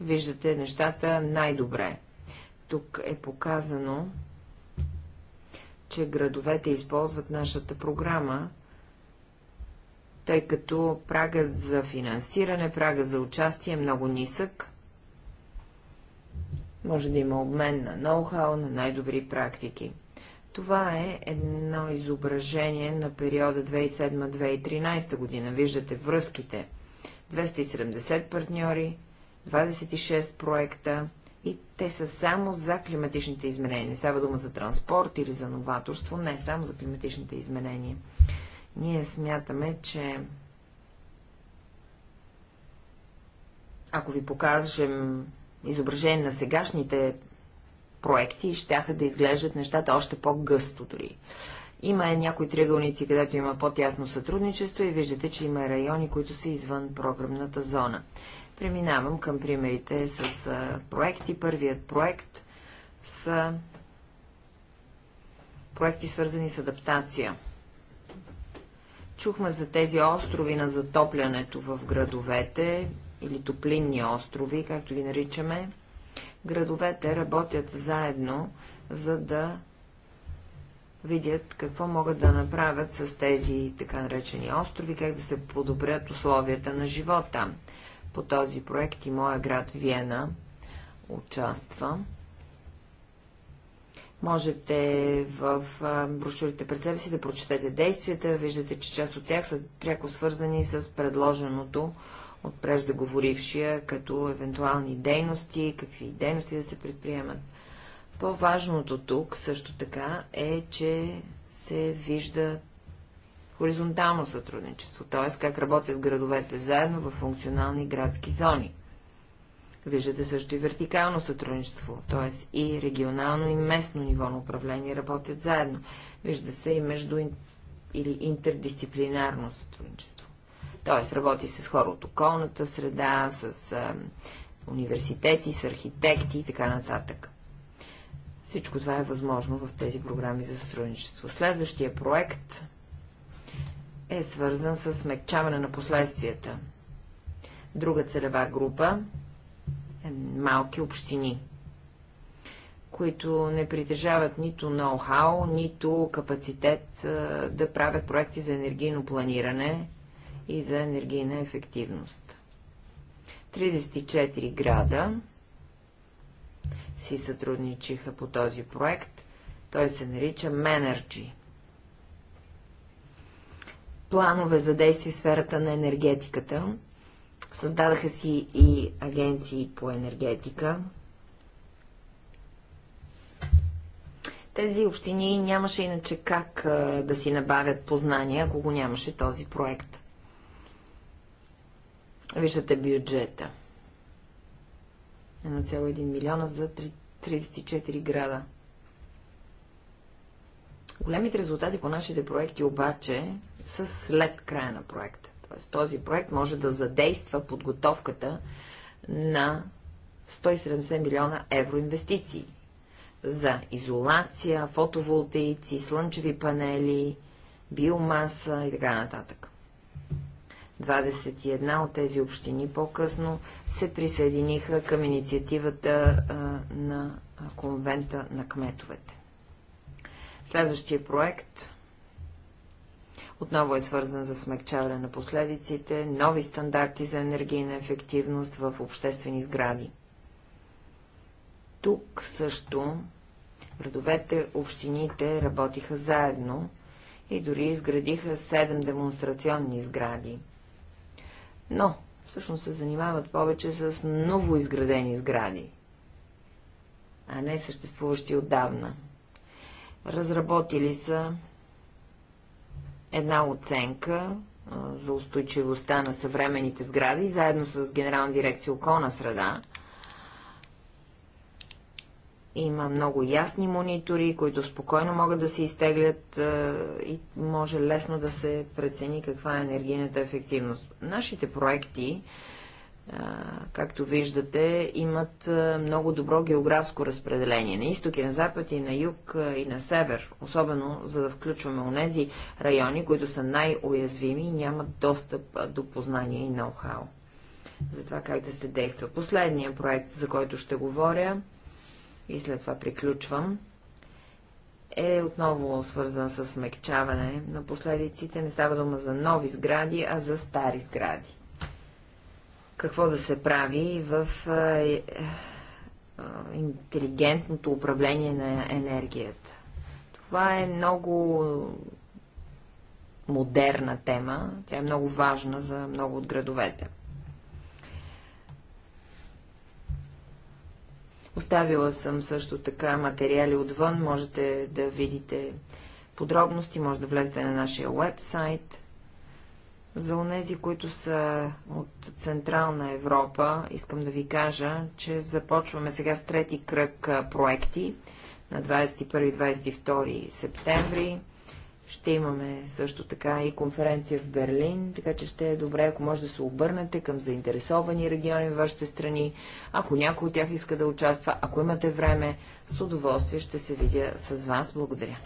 виждате нещата най-добре. Тук е показано че градовете използват нашата програма, тъй като прагът за финансиране, прагът за участие е много нисък. Може да има обмен на ноу-хау, на най-добри практики. Това е едно изображение на периода 2007-2013 година. Виждате връзките. 270 партньори, 26 проекта, и те са само за климатичните изменения. Не става дума за транспорт или за новаторство, не, само за климатичните изменения. Ние смятаме, че ако ви покажем изображение на сегашните проекти, ще да изглеждат нещата още по-гъсто дори. Има е някои триъгълници, където има по-тясно сътрудничество и виждате, че има райони, които са извън програмната зона. Преминавам към примерите с проекти. Първият проект са проекти свързани с адаптация. Чухме за тези острови на затоплянето в градовете, или топлинни острови, както ги наричаме. Градовете работят заедно, за да видят какво могат да направят с тези така наречени острови, как да се подобрят условията на живота по този проект и моя град Виена участва. Можете в брошурите пред себе си да прочетете действията. Виждате, че част от тях са пряко свързани с предложеното от преждеговорившия, като евентуални дейности, какви дейности да се предприемат. По-важното тук също така е, че се виждат хоризонтално сътрудничество, т.е. как работят градовете заедно в функционални градски зони. Виждате също и вертикално сътрудничество, т.е. и регионално и местно ниво на управление работят заедно. Вижда се и между или интердисциплинарно сътрудничество. Т.е. работи с хора от околната среда, с а, университети, с архитекти и така нататък. Всичко това е възможно в тези програми за сътрудничество. Следващия проект е свързан с смягчаване на последствията. Друга целева група е малки общини, които не притежават нито ноу-хау, нито капацитет да правят проекти за енергийно планиране и за енергийна ефективност. 34 града си сътрудничиха по този проект. Той се нарича Менерджи планове за действие в сферата на енергетиката. Създадаха си и агенции по енергетика. Тези общини нямаше иначе как да си набавят познания, ако го нямаше този проект. Виждате бюджета. 1,1 милиона за 34 града. Големите резултати по нашите проекти обаче с след края на проекта. Тоест този проект може да задейства подготовката на 170 милиона евро инвестиции за изолация, фотоволтаици, слънчеви панели, биомаса и така нататък. 21 от тези общини по-късно се присъединиха към инициативата а, на конвента на кметовете. Следващия проект отново е свързан за смягчаване на последиците, нови стандарти за енергийна ефективност в обществени сгради. Тук също градовете, общините работиха заедно и дори изградиха седем демонстрационни сгради. Но всъщност се занимават повече с новоизградени сгради, а не съществуващи отдавна. Разработили са една оценка за устойчивостта на съвременните сгради, заедно с Генерална дирекция околна среда. Има много ясни монитори, които спокойно могат да се изтеглят и може лесно да се прецени каква е енергийната ефективност. Нашите проекти както виждате, имат много добро географско разпределение на изток и на запад и на юг и на север, особено за да включваме онези райони, които са най-уязвими и нямат достъп до познание и ноу-хау. За това как да се действа. Последния проект, за който ще говоря и след това приключвам, е отново свързан с смекчаване на последиците. Не става дума за нови сгради, а за стари сгради какво да се прави в е, е, интелигентното управление на енергията. Това е много модерна тема. Тя е много важна за много от градовете. Оставила съм също така материали отвън. Можете да видите подробности, може да влезете на нашия вебсайт. За онези, които са от Централна Европа, искам да ви кажа, че започваме сега с трети кръг проекти на 21-22 септември. Ще имаме също така и конференция в Берлин, така че ще е добре, ако може да се обърнете към заинтересовани региони в вашите страни. Ако някой от тях иска да участва, ако имате време, с удоволствие ще се видя с вас. Благодаря.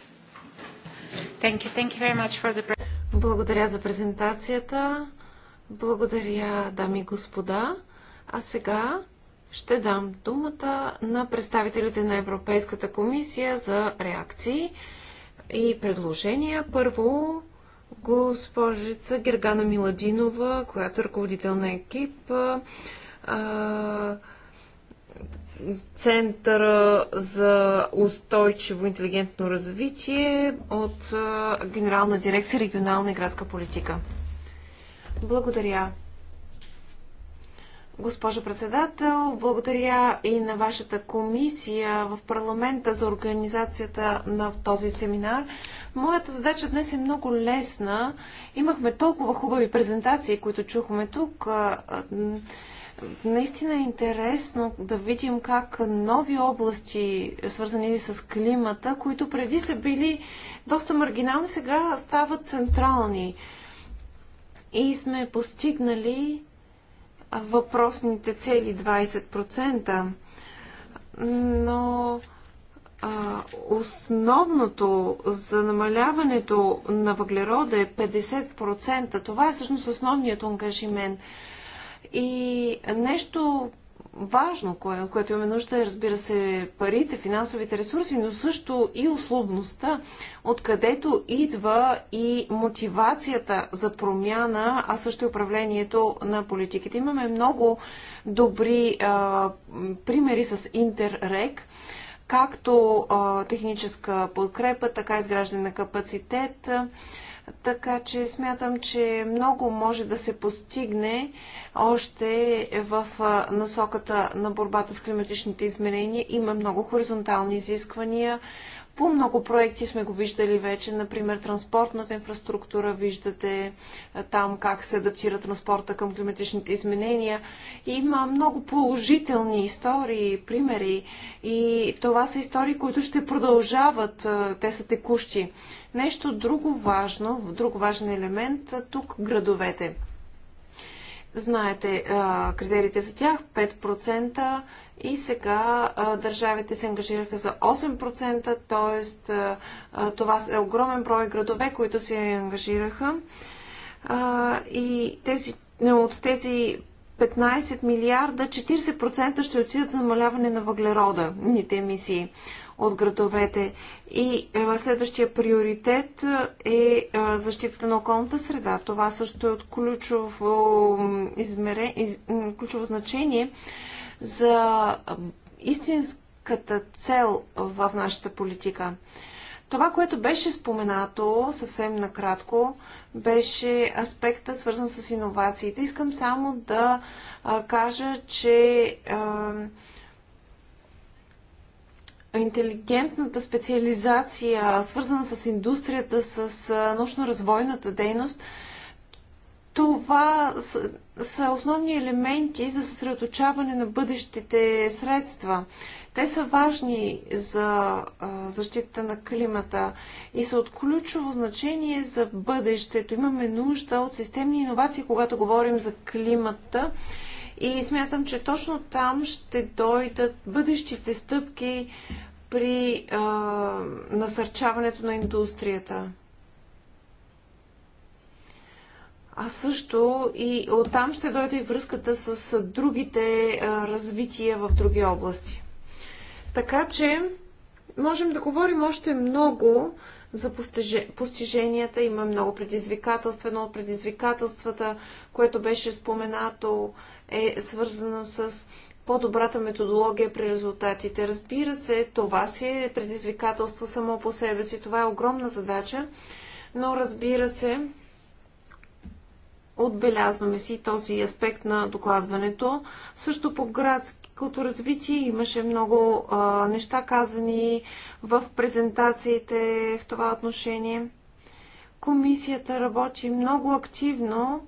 Thank you, thank you very much for the... Благодаря за презентацията. Благодаря, дами и господа. А сега ще дам думата на представителите на Европейската комисия за реакции и предложения. Първо, госпожица Гергана Миладинова, която е ръководител на екип. А, Центъра за устойчиво интелигентно развитие от Генерална дирекция регионална и градска политика. Благодаря. Госпожо председател, благодаря и на вашата комисия в парламента за организацията на този семинар. Моята задача днес е много лесна. Имахме толкова хубави презентации, които чухме тук Наистина е интересно да видим как нови области, свързани с климата, които преди са били доста маргинални, сега стават централни. И сме постигнали въпросните цели 20%. Но а, основното за намаляването на въглерода е 50%. Това е всъщност основният ангажимент. И нещо важно, кое, което имаме нужда е, разбира се, парите, финансовите ресурси, но също и условността, откъдето идва и мотивацията за промяна, а също и управлението на политиките. Имаме много добри а, примери с Интеррек, както а, техническа подкрепа, така и изграждане на капацитет. А, така че смятам, че много може да се постигне още в насоката на борбата с климатичните изменения. Има много хоризонтални изисквания по много проекти сме го виждали вече, например транспортната инфраструктура, виждате там как се адаптира транспорта към климатичните изменения. Има много положителни истории, примери и това са истории, които ще продължават, те са текущи. Нещо друго важно, друг важен елемент тук градовете. Знаете, критериите за тях 5% и сега държавите се ангажираха за 8%, т.е. това е огромен брой градове, които се ангажираха. и тези, от тези 15 милиарда, 40% ще отидат за намаляване на въглерода, ните емисии от градовете. И следващия приоритет е защитата на околната среда. Това също е от ключово, измере, из, ключово значение, за истинската цел в нашата политика. Това, което беше споменато съвсем накратко, беше аспекта свързан с иновациите. Искам само да а, кажа, че а, интелигентната специализация, свързана с индустрията, с научно-развойната дейност, това са основни елементи за съсредоточаване на бъдещите средства. Те са важни за защита на климата и са от ключово значение за бъдещето. Имаме нужда от системни иновации, когато говорим за климата. И смятам, че точно там ще дойдат бъдещите стъпки при а, насърчаването на индустрията. а също и оттам ще дойде и връзката с другите развития в други области. Така че можем да говорим още много за постиженията. Има много предизвикателства. Едно от предизвикателствата, което беше споменато, е свързано с по-добрата методология при резултатите. Разбира се, това си е предизвикателство само по себе си. Това е огромна задача, но разбира се, Отбелязваме си този аспект на докладването. Също по градското развитие имаше много а, неща казани в презентациите в това отношение. Комисията работи много активно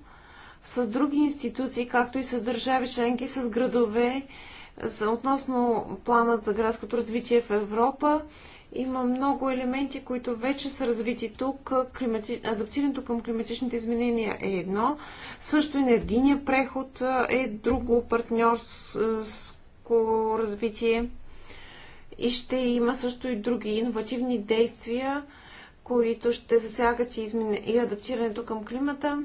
с други институции, както и с държави членки, с градове, за, относно планът за градското развитие в Европа има много елементи, които вече са развити тук. Климати... Адаптирането към климатичните изменения е едно. Също енергийния преход е друго партньорско развитие. И ще има също и други иновативни действия, които ще засягат и, измен... и адаптирането към климата.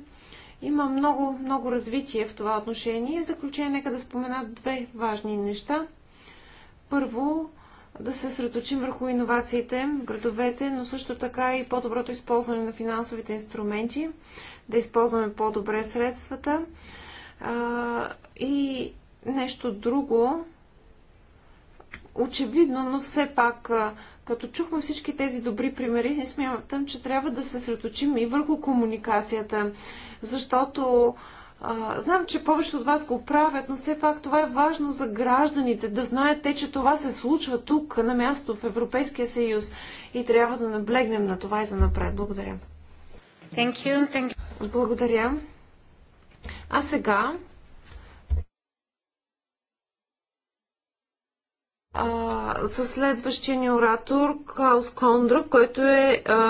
Има много, много развитие в това отношение. В заключение, нека да спомена две важни неща. Първо, да се средочим върху иновациите в градовете, но също така и по-доброто използване на финансовите инструменти, да използваме по-добре средствата. и нещо друго, очевидно, но все пак, като чухме всички тези добри примери, не смятам, че трябва да се средочим и върху комуникацията, защото знам, че повечето от вас го правят, но все пак това е важно за гражданите, да знаят те, че това се случва тук, на място в Европейския съюз и трябва да наблегнем на това и за напред. Благодаря. Thank you. Thank you. Благодаря. А сега а, със следващия ни оратор Клаус Кондра, който е а,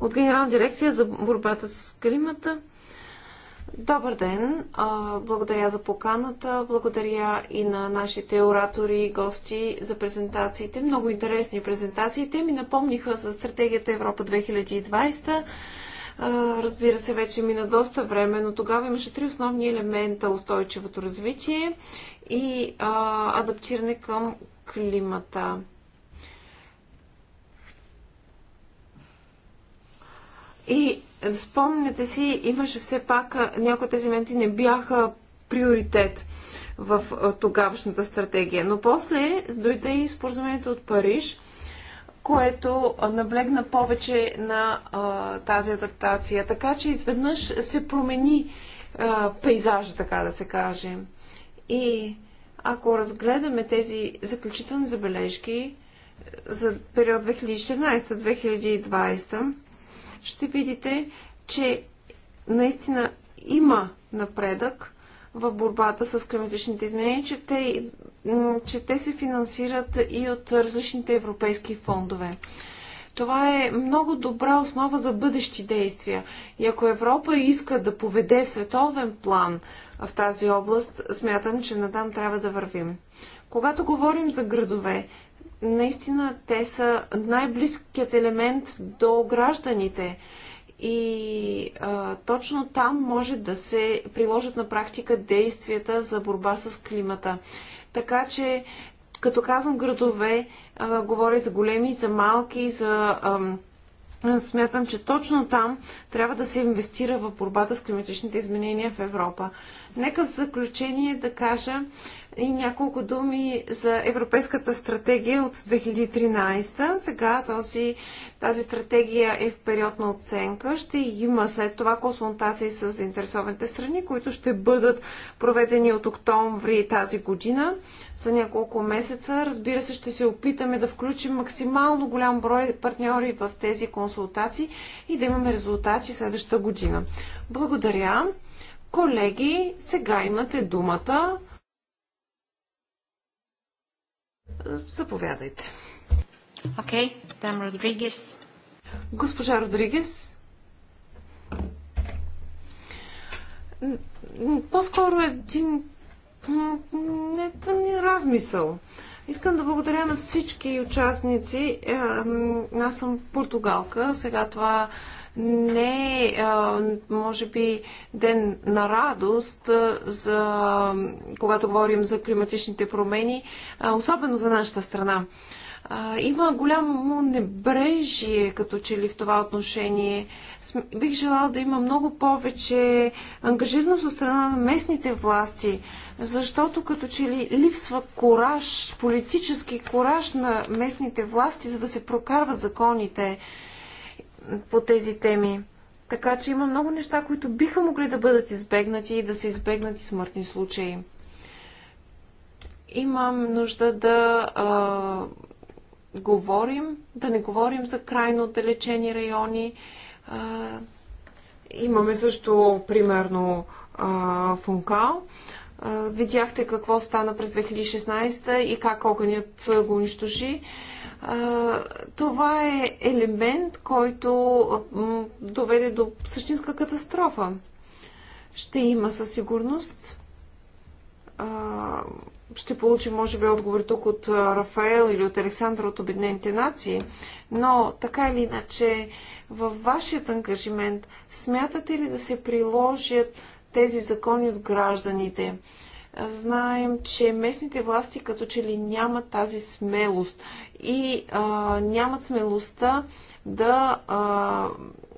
от Генерална дирекция за борбата с климата. Добър ден! Благодаря за поканата, благодаря и на нашите оратори и гости за презентациите. Много интересни презентации. Те ми напомниха за стратегията Европа 2020. Разбира се, вече мина доста време, но тогава имаше три основни елемента устойчивото развитие и адаптиране към климата. И Спомняте си, имаше все пак някои тези моменти не бяха приоритет в тогавашната стратегия. Но после дойде и споразумението от Париж, което наблегна повече на а, тази адаптация. Така че изведнъж се промени а, пейзажа, така да се каже. И ако разгледаме тези заключителни забележки за период 2014-2020, ще видите, че наистина има напредък в борбата с климатичните изменения, че те, че те се финансират и от различните европейски фондове. Това е много добра основа за бъдещи действия. И ако Европа иска да поведе в световен план в тази област, смятам, че надам трябва да вървим. Когато говорим за градове, наистина те са най-близкият елемент до гражданите. И а, точно там може да се приложат на практика действията за борба с климата. Така че, като казвам градове, а, говоря за големи, за малки, за. А, смятам, че точно там трябва да се инвестира в борбата с климатичните изменения в Европа. Нека в заключение да кажа, и няколко думи за Европейската стратегия от 2013. Сега този, тази стратегия е в период на оценка. Ще има след това консултации с заинтересованите страни, които ще бъдат проведени от октомври тази година за няколко месеца. Разбира се, ще се опитаме да включим максимално голям брой партньори в тези консултации и да имаме резултати следващата година. Благодаря. Колеги, сега имате думата. Заповядайте. Окей, okay, Дам Родригес. Госпожа Родригес. По-скоро един не, не размисъл. Искам да благодаря на всички участници. Аз съм португалка. Сега това не е, може би, ден на радост, за, когато говорим за климатичните промени, особено за нашата страна. Има голямо небрежие, като че ли в това отношение. Бих желала да има много повече ангажираност от страна на местните власти, защото като че ли липсва кораж, политически кораж на местните власти, за да се прокарват законите по тези теми. Така че има много неща, които биха могли да бъдат избегнати и да се избегнат и смъртни случаи. Имам нужда да а, говорим, да не говорим за крайно отдалечени райони. А, имаме също, примерно, а, Функал. А, видяхте какво стана през 2016 и как огънят го унищожи. А, това е елемент, който доведе до същинска катастрофа. Ще има със сигурност. Ще получим, може би, отговор тук от Рафаел или от Александър от Обединените нации, но така или иначе, във вашият ангажимент, смятате ли да се приложат тези закони от гражданите? Знаем, че местните власти като че ли нямат тази смелост и а, нямат смелостта да а,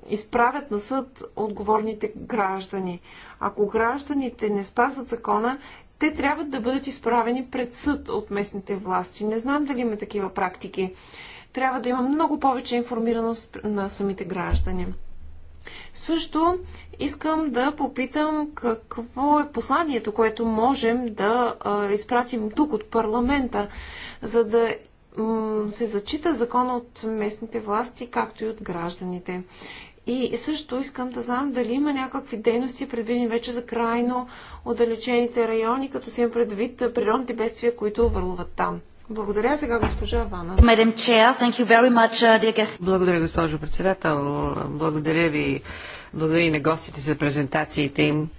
изправят на съд отговорните граждани. Ако гражданите не спазват закона, те трябва да бъдат изправени пред съд от местните власти. Не знам дали има такива практики. Трябва да има много повече информираност на самите граждани. Също искам да попитам какво е посланието, което можем да изпратим тук от парламента, за да се зачита закон от местните власти, както и от гражданите. И също искам да знам дали има някакви дейности, предвидени вече за крайно отдалечените райони, като си им предвид природните бедствия, които върлуват там. Благодаря сега госпожа Вана. Uh, Благодаря госпожо председател. Благодаря ви. Благодаря и на гостите за презентациите им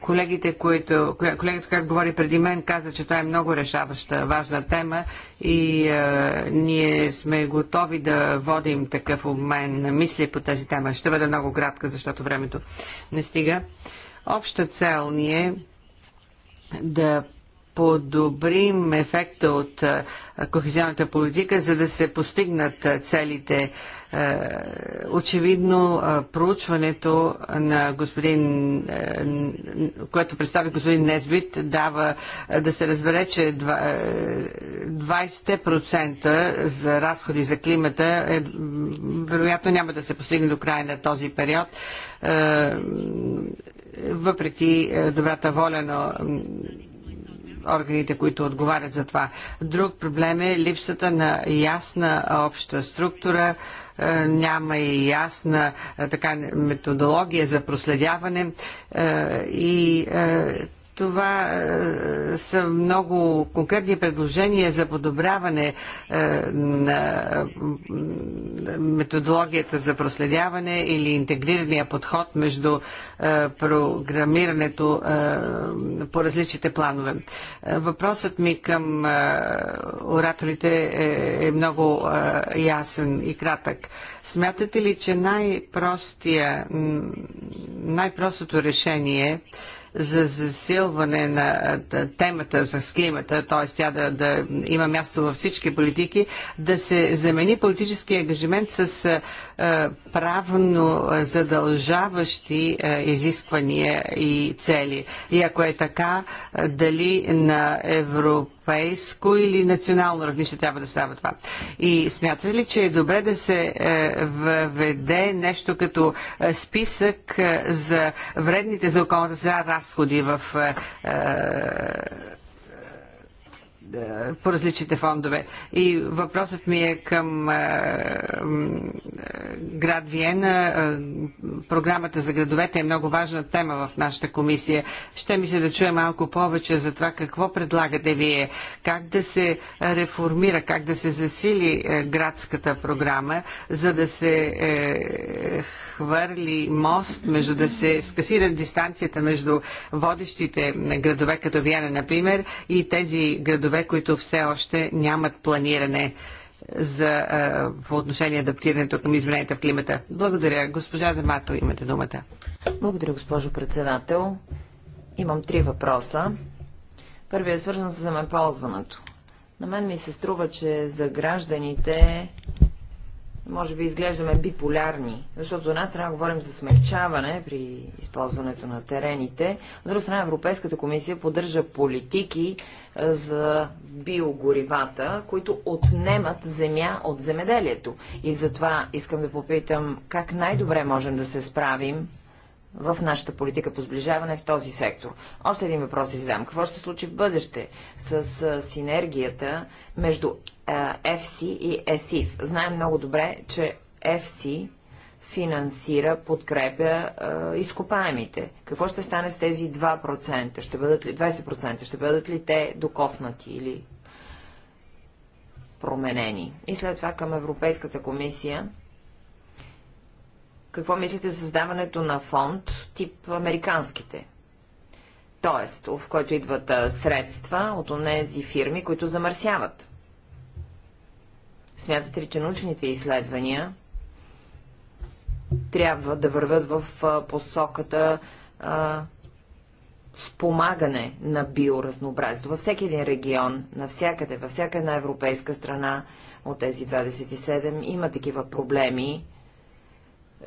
колегите, които, колегите, как говори преди мен, каза, че това е много решаваща, важна тема и е, ние сме готови да водим такъв обмен на мисли по тази тема. Ще бъда много кратка, защото времето не стига. Обща цел ни е да подобрим ефекта от кохезионната политика, за да се постигнат целите. Очевидно, проучването на господин, което представи господин Незбит, дава да се разбере, че 20% за разходи за климата е, вероятно няма да се постигне до края на този период въпреки добрата воля на органите, които отговарят за това. Друг проблем е липсата на ясна обща структура, е, няма и ясна е, така, методология за проследяване е, и това е, са много конкретни предложения за подобряване е, на методологията за проследяване или интегрирания подход между е, програмирането е, по различните планове. Е, въпросът ми към е, ораторите е, е много ясен и кратък. Смятате ли, че най най-простото решение е за засилване на темата за климата, т.е. тя да, да има място във всички политики, да се замени политически ангажимент с е, правно задължаващи изисквания и цели. И ако е така, дали на европейско или национално равнище трябва да става това. И смятате ли, че е добре да се е, въведе нещо като списък за вредните за околната среда разходи в е, е, е, по различните фондове. И въпросът ми е към е, е, град Виена. Програмата за градовете е много важна тема в нашата комисия. Ще ми се да чуя малко повече за това какво предлагате вие, как да се реформира, как да се засили градската програма, за да се хвърли мост, между да се скасира дистанцията между водещите градове, като Виена, например, и тези градове, които все още нямат планиране за, по отношение адаптирането към измененията в климата. Благодаря. Госпожа Демато, имате думата. Благодаря, госпожо председател. Имам три въпроса. Първият е свързан с земеползването. На мен ми се струва, че за гражданите може би изглеждаме биполярни, защото от една страна говорим за смягчаване при използването на терените, от друга страна Европейската комисия поддържа политики е, за биогоривата, които отнемат земя от земеделието. И затова искам да попитам как най-добре можем да се справим в нашата политика по сближаване в този сектор. Още един въпрос задам. Какво ще случи в бъдеще с синергията между FC и ЕСИФ? Знаем много добре, че FC финансира, подкрепя изкопаемите. Какво ще стане с тези 2%? Ще бъдат ли, 20%? Ще бъдат ли те докоснати или променени? И след това към Европейската комисия какво мислите за създаването на фонд тип американските? Тоест, в който идват средства от онези фирми, които замърсяват. Смятате ли, че научните изследвания трябва да върват в посоката а, спомагане на биоразнообразието във всеки един регион, навсякъде, във всяка една европейска страна от тези 27 има такива проблеми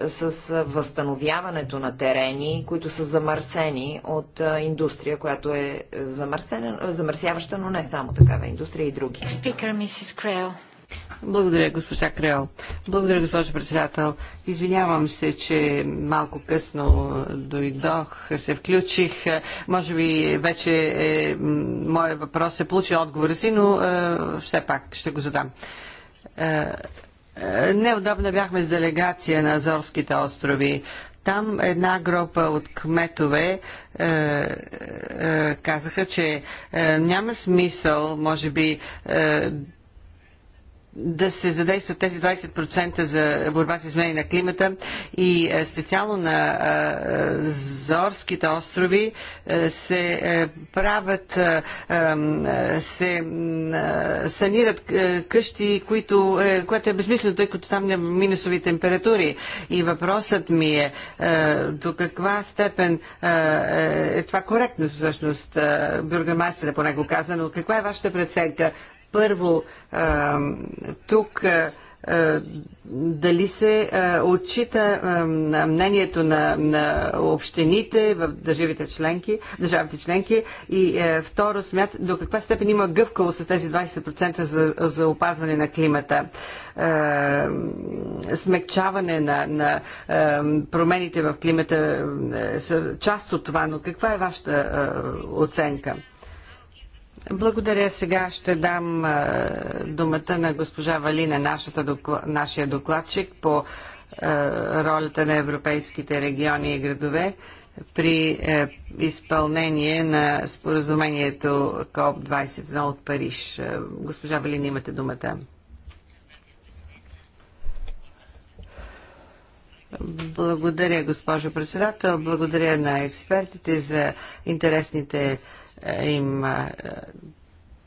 с възстановяването на терени, които са замърсени от индустрия, която е, е замърсяваща, но не само такава индустрия и други. Спикър, мисис Благодаря, госпожа Крел. Благодаря, госпожа председател. Извинявам се, че малко късно дойдох, се включих. Може би вече е, моят въпрос се получи отговора си, но е, все пак ще го задам. Е, Неудобно бяхме с делегация на Азорските острови. Там една група от кметове е, е, казаха, че е, няма смисъл, може би, е, да се задействат тези 20% за борба с изменение на климата и е, специално на е, Зорските острови е, се правят, се санират къщи, които, което е безмислено, тъй като там няма минусови температури. И въпросът ми е до каква степен е това коректно всъщност, бюргамастера поне го казано, каква е вашата преценка? Първо, тук дали се отчита мнението на, на общините в държавите членки, държавите членки и второ смят до каква степен има гъвкаво с тези 20% за, за опазване на климата смекчаване на, на промените в климата са част от това, но каква е вашата оценка? Благодаря. Сега ще дам думата на госпожа Валина, нашата нашия докладчик по ролята на европейските региони и градове при е, изпълнение на споразумението КОП-21 от Париж. Е, госпожа Валина, имате думата. Благодаря, госпожо председател. Благодаря на експертите за интересните е, им е,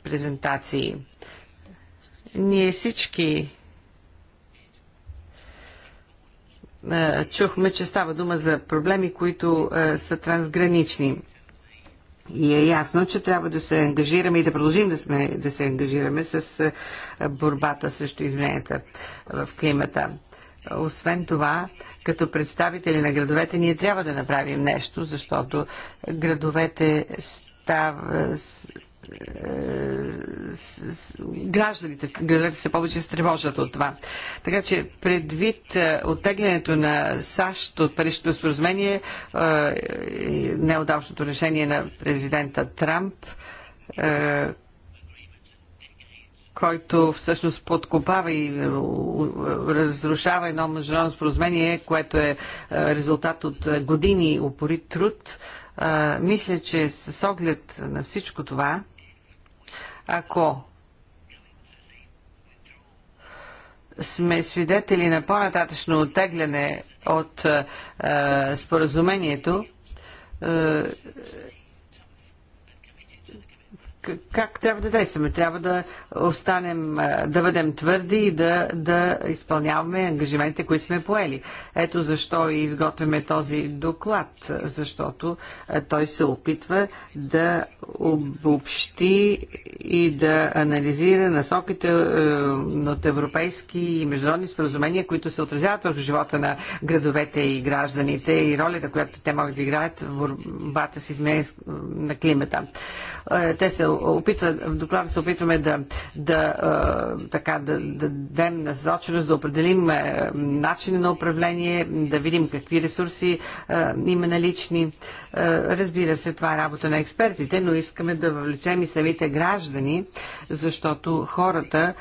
презентации. Ние всички е, чухме, че става дума за проблеми, които са трансгранични. И е ясно, че трябва да се ангажираме и да продължим да, сме, да се ангажираме с борбата срещу измененията в климата. Освен това, като представители на градовете, ние трябва да направим нещо, защото градовете става е, гражданите, гражданите се повече стревожат от това. Така че предвид е, оттеглянето на САЩ от паричното споразумение, е, неудачното решение на президента Трамп, който всъщност подкопава и разрушава едно международно споразумение, което е резултат от години упорит труд, а, мисля, че с оглед на всичко това, ако сме свидетели на по-нататъчно оттегляне от а, споразумението, как трябва да действаме? Трябва да останем, да бъдем твърди и да, да изпълняваме ангажиментите, които сме поели. Ето защо и изготвяме този доклад, защото той се опитва да обобщи и да анализира насоките от европейски и международни споразумения, които се отразяват върху живота на градовете и гражданите и ролята, която те могат да играят в борбата с изменение на климата. Те се опитва, в доклада се опитваме да, да, така, да, да дадем насоченост, да определим начин на управление, да видим какви ресурси има налични. Разбира се, това е работа на експертите, но искаме да въвлечем и самите граждани, защото хората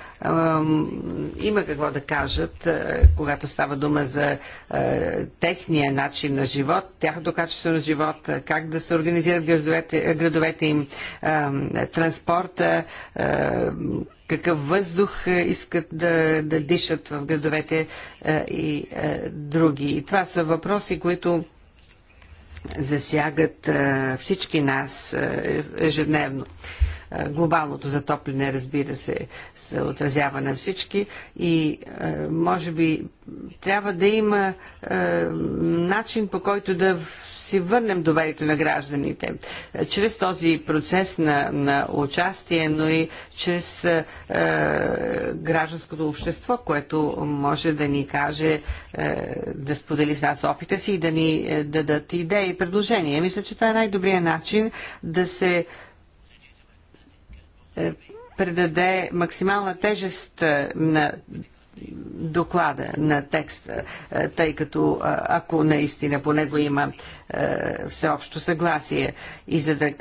има какво да кажат, когато става дума за техния начин на живот, тяхното качество на живот, как да се организират градовете, градовете им, транспорта, е, какъв въздух искат да, да дишат в градовете е, и е, други. И това са въпроси, които засягат всички нас ежедневно глобалното затопляне, разбира се, се отразява на всички и може би трябва да има начин по който да си върнем доверието на гражданите. Е, чрез този процес на, на участие, но и чрез е, е, гражданското общество, което може да ни каже, е, да сподели с нас опита си и да ни е, дадат идеи и предложения. Мисля, че това е най-добрият начин да се е, предаде максимална тежест на доклада на текста, е, тъй като е, ако наистина по него има е, всеобщо съгласие и за да,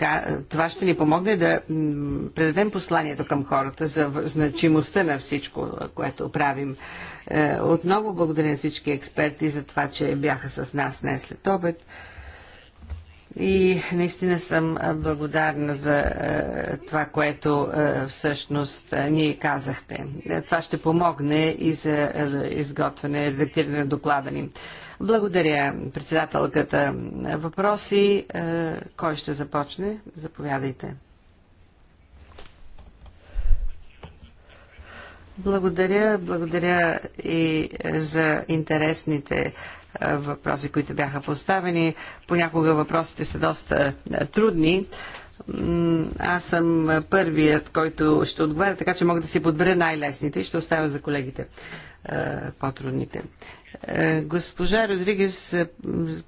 това ще ни помогне да предадем посланието към хората за значимостта на всичко, което правим. Отново благодаря на всички експерти за това, че бяха с нас днес след обед. И наистина съм благодарна за това, което всъщност ние казахте. Е, това ще помогне и за изготвяне, редактиране на доклада ни. Благодаря, председателката. Въпроси? Кой ще започне? Заповядайте. Благодаря, благодаря и е, за интересните е, въпроси, които бяха поставени. Понякога въпросите са доста е, трудни. Аз съм първият, който ще отговаря, така че мога да си подбера най-лесните и ще оставя за колегите е, по-трудните. Госпожа Родригес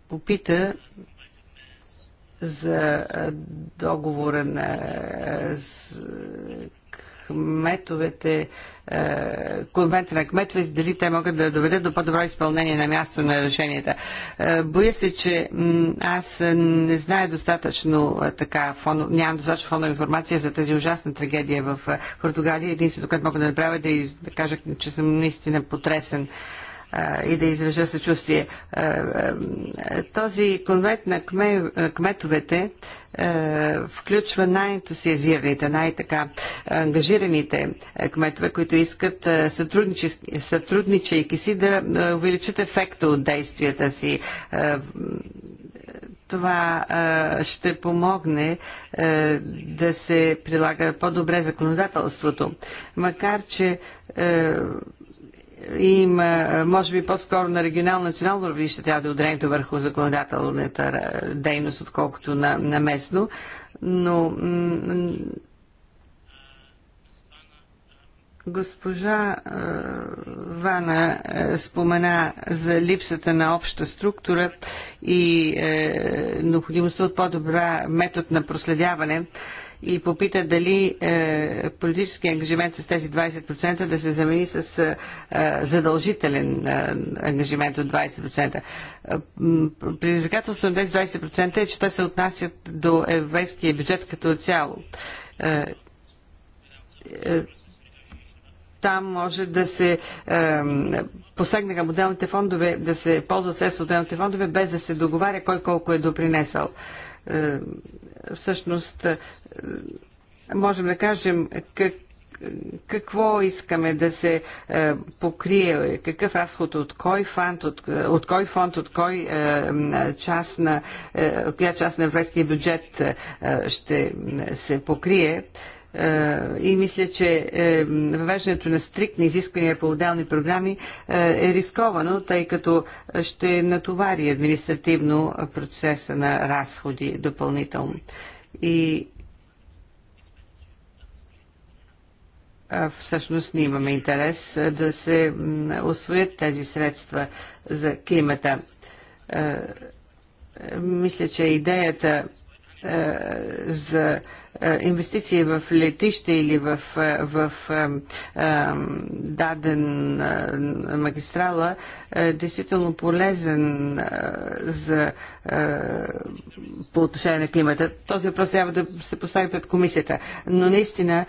попита за договора на кметовете, е, конвента на кметовете, дали те могат да доведат до по-добро изпълнение на място на решенията. Е, боя се, че аз не зная достатъчно е, така, фон, нямам достатъчно фонна информация за тази ужасна трагедия в Португалия. Единственото, което мога да направя е да, да кажа, че съм наистина потресен и да изража съчувствие. Този конвент на кметовете включва най-ентусиазираните, най-така ангажираните кметове, които искат сътрудничайки си да увеличат ефекта от действията си това ще помогне да се прилага по-добре законодателството. Макар, че има, може би по-скоро на регионално национално равнище трябва да е ударението върху законодателната дейност, отколкото на, на местно, но Госпожа е, Вана е, спомена за липсата на обща структура и е, необходимостта от по-добра метод на проследяване. Е, и попита дали е, политически ангажимент с тези 20% да се замени с е, е задължителен е, ангажимент от 20%. Е, Предизвикателството на тези 20% е, че те се отнасят до европейския бюджет като цяло. Е, е, там може да се е, посегне към отделните фондове, да се ползва след отделните фондове, без да се договаря кой колко е допринесъл. Е, всъщност е, можем да кажем как, какво искаме да се е, покрие, какъв разход от кой фонд, от, от кой фонд, от кой е, част на, е, коя част на европейския бюджет е, ще се покрие. Е, и мисля, че е, въвеждането на стриктни изисквания по отделни програми е рисковано, тъй като ще натовари административно процеса на разходи допълнително. И всъщност ние имаме интерес да се освоят тези средства за климата. Мисля, че идеята за е, инвестиции в летище или в, е, в, в е, даден магистрала е действително полезен за, по отношение на климата. Този въпрос трябва да се постави пред комисията. Но наистина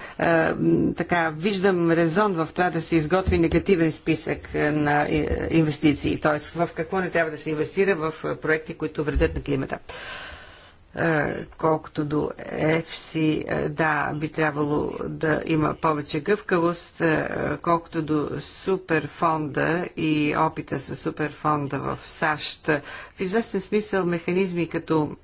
така виждам резон в това да се изготви негативен списък на инвестиции. Тоест в какво не трябва да се инвестира в проекти, които вредят на климата. Е, колкото до ЕФСИ, е, да, би трябвало да има повече гъвкавост. Е, колкото до суперфонда и опита с суперфонда в САЩ, в известен смисъл механизми като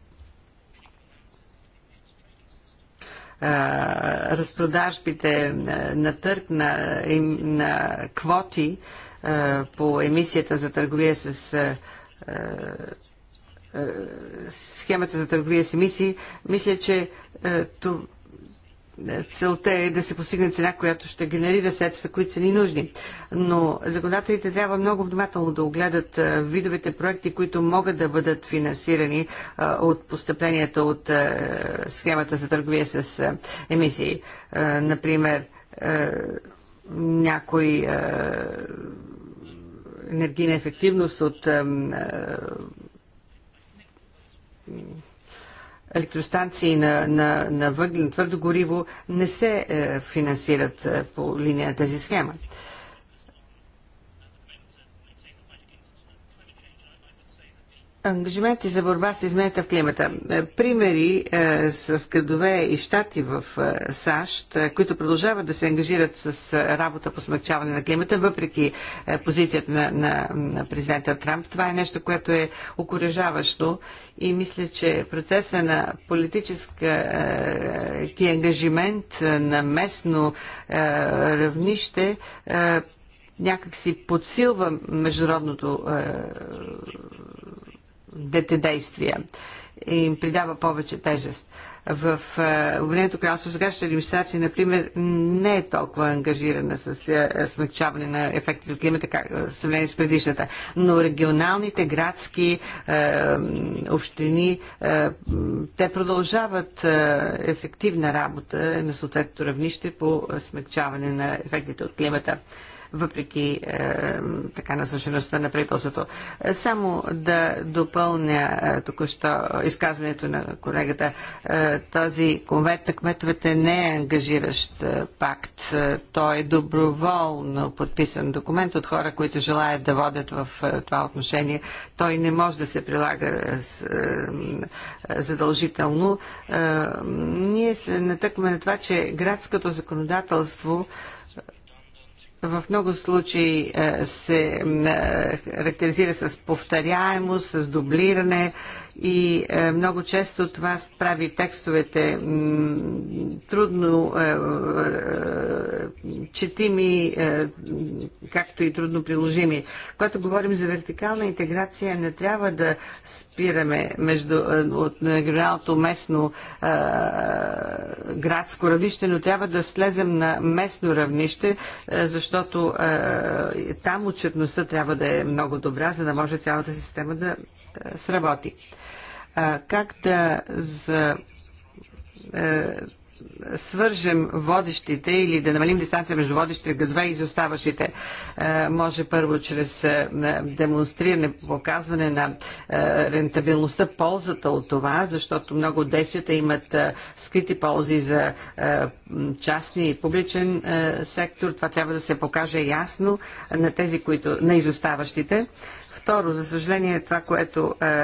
разпродажбите на търг на, на квоти по емисията за търговия с е, схемата за търговия с емисии, мисля, че е, е, целта е да се постигне цена, която ще генерира средства, които са ни нужни. Но законодателите трябва много внимателно да огледат видовете проекти, които могат да бъдат финансирани от постъпленията от схемата за търговия с емисии. Например, някой енергийна ефективност от електростанции на, на, на въглен твърдо гориво не се е, финансират е, по линия на тази схема. Е, Ангажименти за борба с измената в климата. Е, примери е, с градове и щати в е, САЩ, е, които продължават да се ангажират с е, работа по смягчаване на климата, въпреки е, позицията на, на, на президента Трамп. Това е нещо, което е окоръжаващо и мисля, че процеса на политически ангажимент на местно равнище някакси подсилва международното е, двете действия им придава повече тежест. В е, Обединеното кралство сегашната администрация, например, не е толкова ангажирана с е, смягчаване на ефектите от климата, как е, сравнение с предишната. Но регионалните, градски е, общини, е, те продължават ефективна работа на съответното равнище по смягчаване на ефектите от климата въпреки е, така насъщеността на правителството. Само да допълня е, току-що изказването на колегата. Е, този конвент на кметовете не е ангажиращ е, пакт. Е, той е доброволно подписан документ от хора, които желаят да водят в е, това отношение. Той не може да се прилага е, е, задължително. Е, ние се натъкваме на това, че градското законодателство е, в много случаи е, се е, характеризира с повторяемост, с дублиране и е, много често това прави текстовете трудно четими, както и трудно приложими. Когато говорим за вертикална интеграция, не трябва да спираме между, от регионалното местно градско равнище, но трябва да слезем на местно равнище, е, защото е, там отчетността трябва да е много добра, за да може цялата система да е, сработи. Как да за свържем водещите или да намалим дистанция между водещите градове и изоставащите. Е, може първо чрез е, демонстриране, показване на е, рентабилността, ползата от това, защото много от действията имат скрити ползи за частния и публичен сектор. Това трябва да се покаже ясно на тези, които на изоставащите. Второ, за съжаление, това, което е,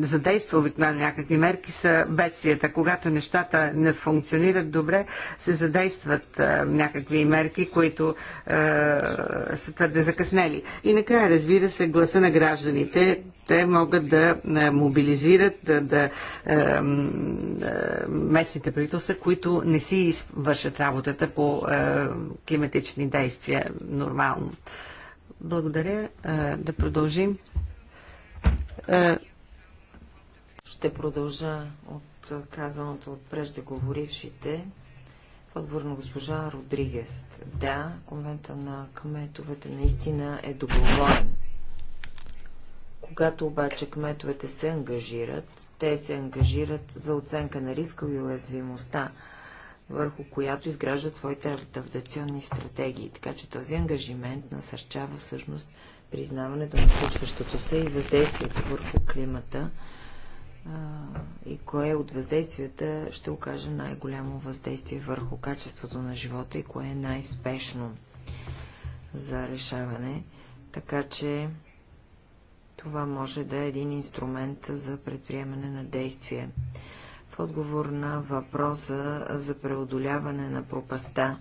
задейства обикновено някакви мерки, са бедствията. Когато нещата не функционират добре, се задействат е, някакви мерки, които е, са твърде закъснели. И накрая, разбира се, гласа на гражданите. Те могат да е, мобилизират да, да, е, е, местните правителства, които не си вършат работата по е, климатични действия нормално. Благодаря. Да продължим. Ще продължа от казаното от преждеговорившите. отговор на госпожа Родригес. Да, конвента на кметовете наистина е договорен. Когато обаче кметовете се ангажират, те се ангажират за оценка на риска и уязвимостта върху която изграждат своите адаптационни стратегии. Така че този ангажимент насърчава всъщност признаването на случващото се и въздействието върху климата и кое от въздействията ще окаже най-голямо въздействие върху качеството на живота и кое е най-спешно за решаване. Така че това може да е един инструмент за предприемане на действие. В отговор на въпроса за преодоляване на пропаста,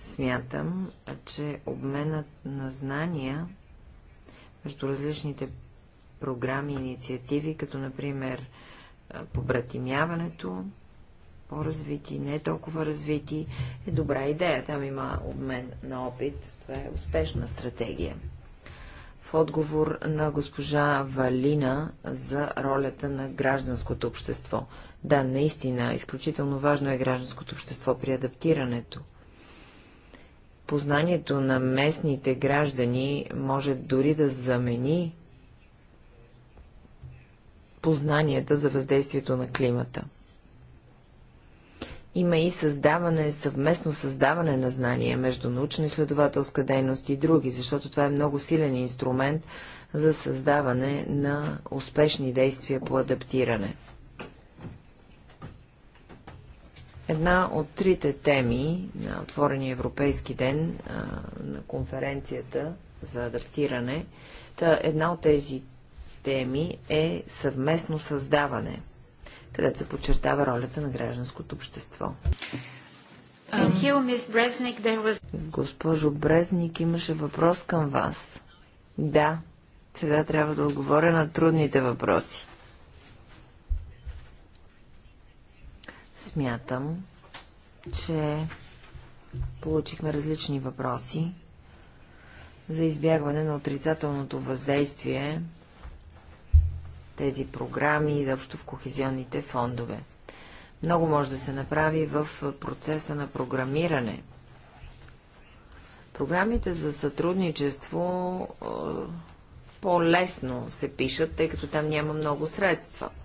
смятам, че обменът на знания между различните програми и инициативи, като например побратимяването, по-развити, не толкова развити, е добра идея. Там има обмен на опит. Това е успешна стратегия. В отговор на госпожа Валина за ролята на гражданското общество. Да, наистина, изключително важно е гражданското общество при адаптирането. Познанието на местните граждани може дори да замени познанията за въздействието на климата. Има и създаване, съвместно създаване на знания между научна изследователска дейност и други, защото това е много силен инструмент за създаване на успешни действия по адаптиране. Една от трите теми на Отворения европейски ден на конференцията за адаптиране, та една от тези теми е съвместно създаване, където се подчертава ролята на гражданското общество. Госпожо Брезник, имаше въпрос към вас. Да, сега трябва да отговоря на трудните въпроси. Смятам, че получихме различни въпроси за избягване на отрицателното въздействие тези програми и въобще в кохезионните фондове. Много може да се направи в процеса на програмиране. Програмите за сътрудничество е, по-лесно се пишат, тъй като там няма много средства –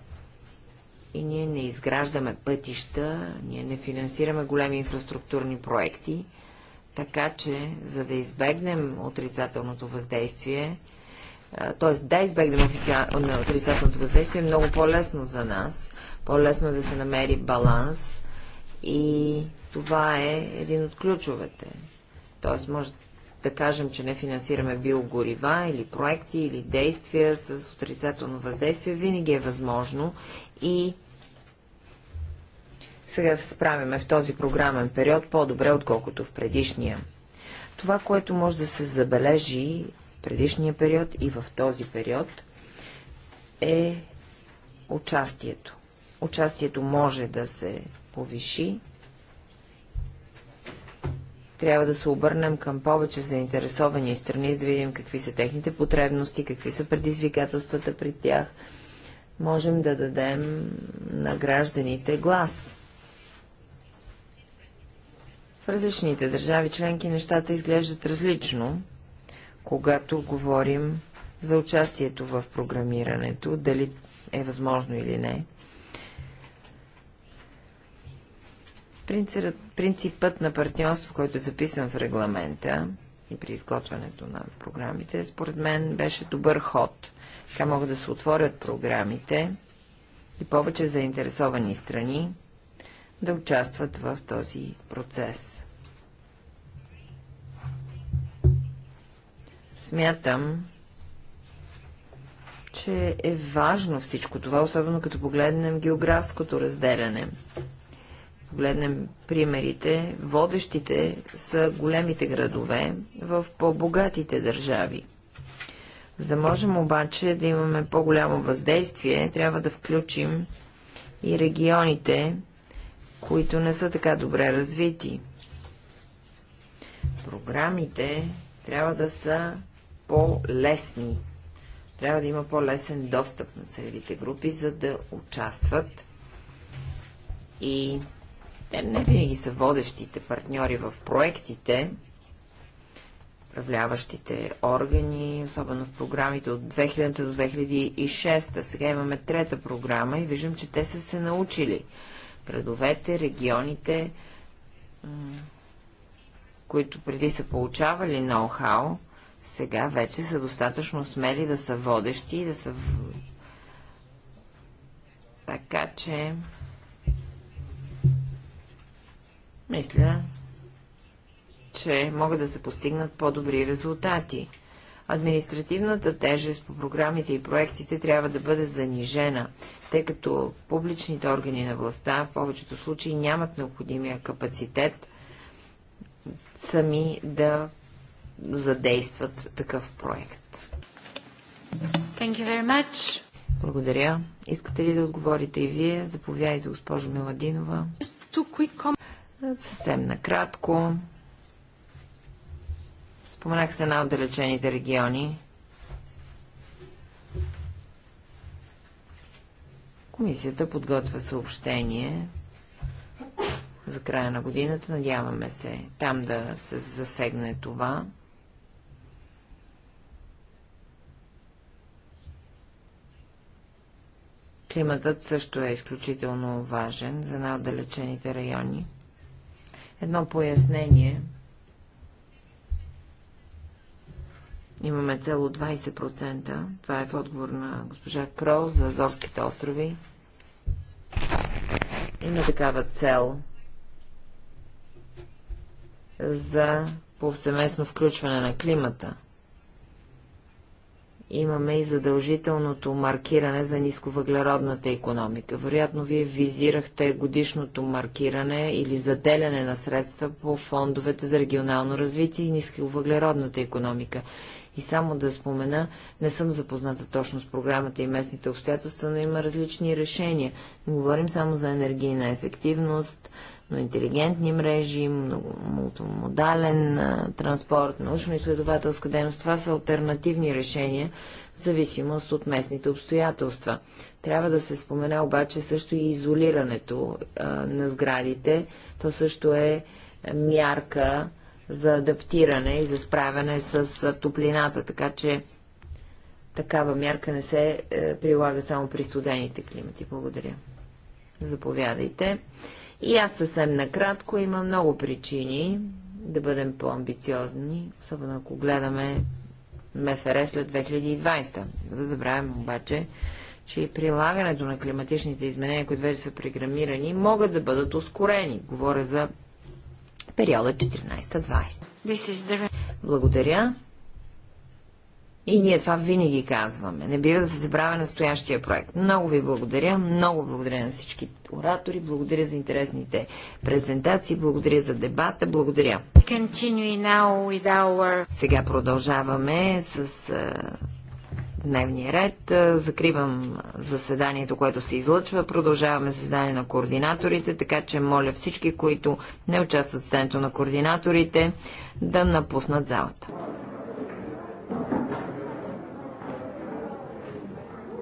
и ние не изграждаме пътища, ние не финансираме големи инфраструктурни проекти, така че, за да избегнем отрицателното въздействие, т.е. да избегнем официал... отрицателното въздействие, е много по-лесно за нас. По-лесно е да се намери баланс и това е един от ключовете. Т.е. може да кажем, че не финансираме биогорива или проекти или действия с отрицателно въздействие, винаги е възможно и сега се справяме в този програмен период по-добре, отколкото в предишния. Това, което може да се забележи в предишния период и в този период, е участието. Участието може да се повиши. Трябва да се обърнем към повече заинтересовани страни, за да видим какви са техните потребности, какви са предизвикателствата при тях – можем да дадем на гражданите глас. В различните държави членки нещата изглеждат различно, когато говорим за участието в програмирането, дали е възможно или не. Принципът на партньорство, който е записан в регламента и при изготвянето на програмите, според мен беше добър ход – така могат да се отворят програмите и повече заинтересовани страни да участват в този процес. Смятам, че е важно всичко това, особено като погледнем географското разделяне. Погледнем примерите, водещите са големите градове в по-богатите държави. За да можем обаче да имаме по-голямо въздействие, трябва да включим и регионите, които не са така добре развити. Програмите трябва да са по-лесни. Трябва да има по-лесен достъп на целевите групи, за да участват и те не винаги са водещите партньори в проектите, управляващите органи, особено в програмите от 2000 до 2006. Сега имаме трета програма и виждам, че те са се научили. Предовете, регионите, които преди са получавали ноу-хау, сега вече са достатъчно смели да са водещи и да са... Така че... Мисля, че могат да се постигнат по-добри резултати. Административната тежест по програмите и проектите трябва да бъде занижена, тъй като публичните органи на властта в повечето случаи нямат необходимия капацитет сами да задействат такъв проект. Thank you very much. Благодаря. Искате ли да отговорите и вие? Заповядайте, госпожо Меладинова. Съвсем накратко. Споменах се на отдалечените региони. Комисията подготвя съобщение за края на годината. Надяваме се там да се засегне това. Климатът също е изключително важен за най-отдалечените райони. Едно пояснение – Имаме цел от 20%. Това е в отговор на госпожа Крол за Азорските острови. Има такава цел за повсеместно включване на климата. Имаме и задължителното маркиране за нисковъглеродната економика. Вероятно, вие визирахте годишното маркиране или заделяне на средства по фондовете за регионално развитие и нисковъглеродната економика. И само да спомена, не съм запозната точно с програмата и местните обстоятелства, но има различни решения. Не говорим само за енергийна ефективност, но интелигентни мрежи, мултомодален транспорт, научно-изследователска дейност. Това са альтернативни решения в зависимост от местните обстоятелства. Трябва да се спомена обаче също и изолирането а, на сградите. То също е мярка за адаптиране и за справяне с топлината, така че такава мярка не се е, прилага само при студените климати. Благодаря. Заповядайте. И аз съвсем накратко има много причини да бъдем по-амбициозни, особено ако гледаме МФР след 2020. Да забравяме обаче, че и прилагането на климатичните изменения, които вече са програмирани, могат да бъдат ускорени. Говоря за периода 14-20. Благодаря. И ние това винаги казваме. Не бива да се забравя настоящия проект. Много ви благодаря. Много благодаря на всички оратори. Благодаря за интересните презентации. Благодаря за дебата. Благодаря. Сега продължаваме с дневния ред. Закривам заседанието, което се излъчва. Продължаваме заседание на координаторите, така че моля всички, които не участват в заседанието на координаторите, да напуснат залата.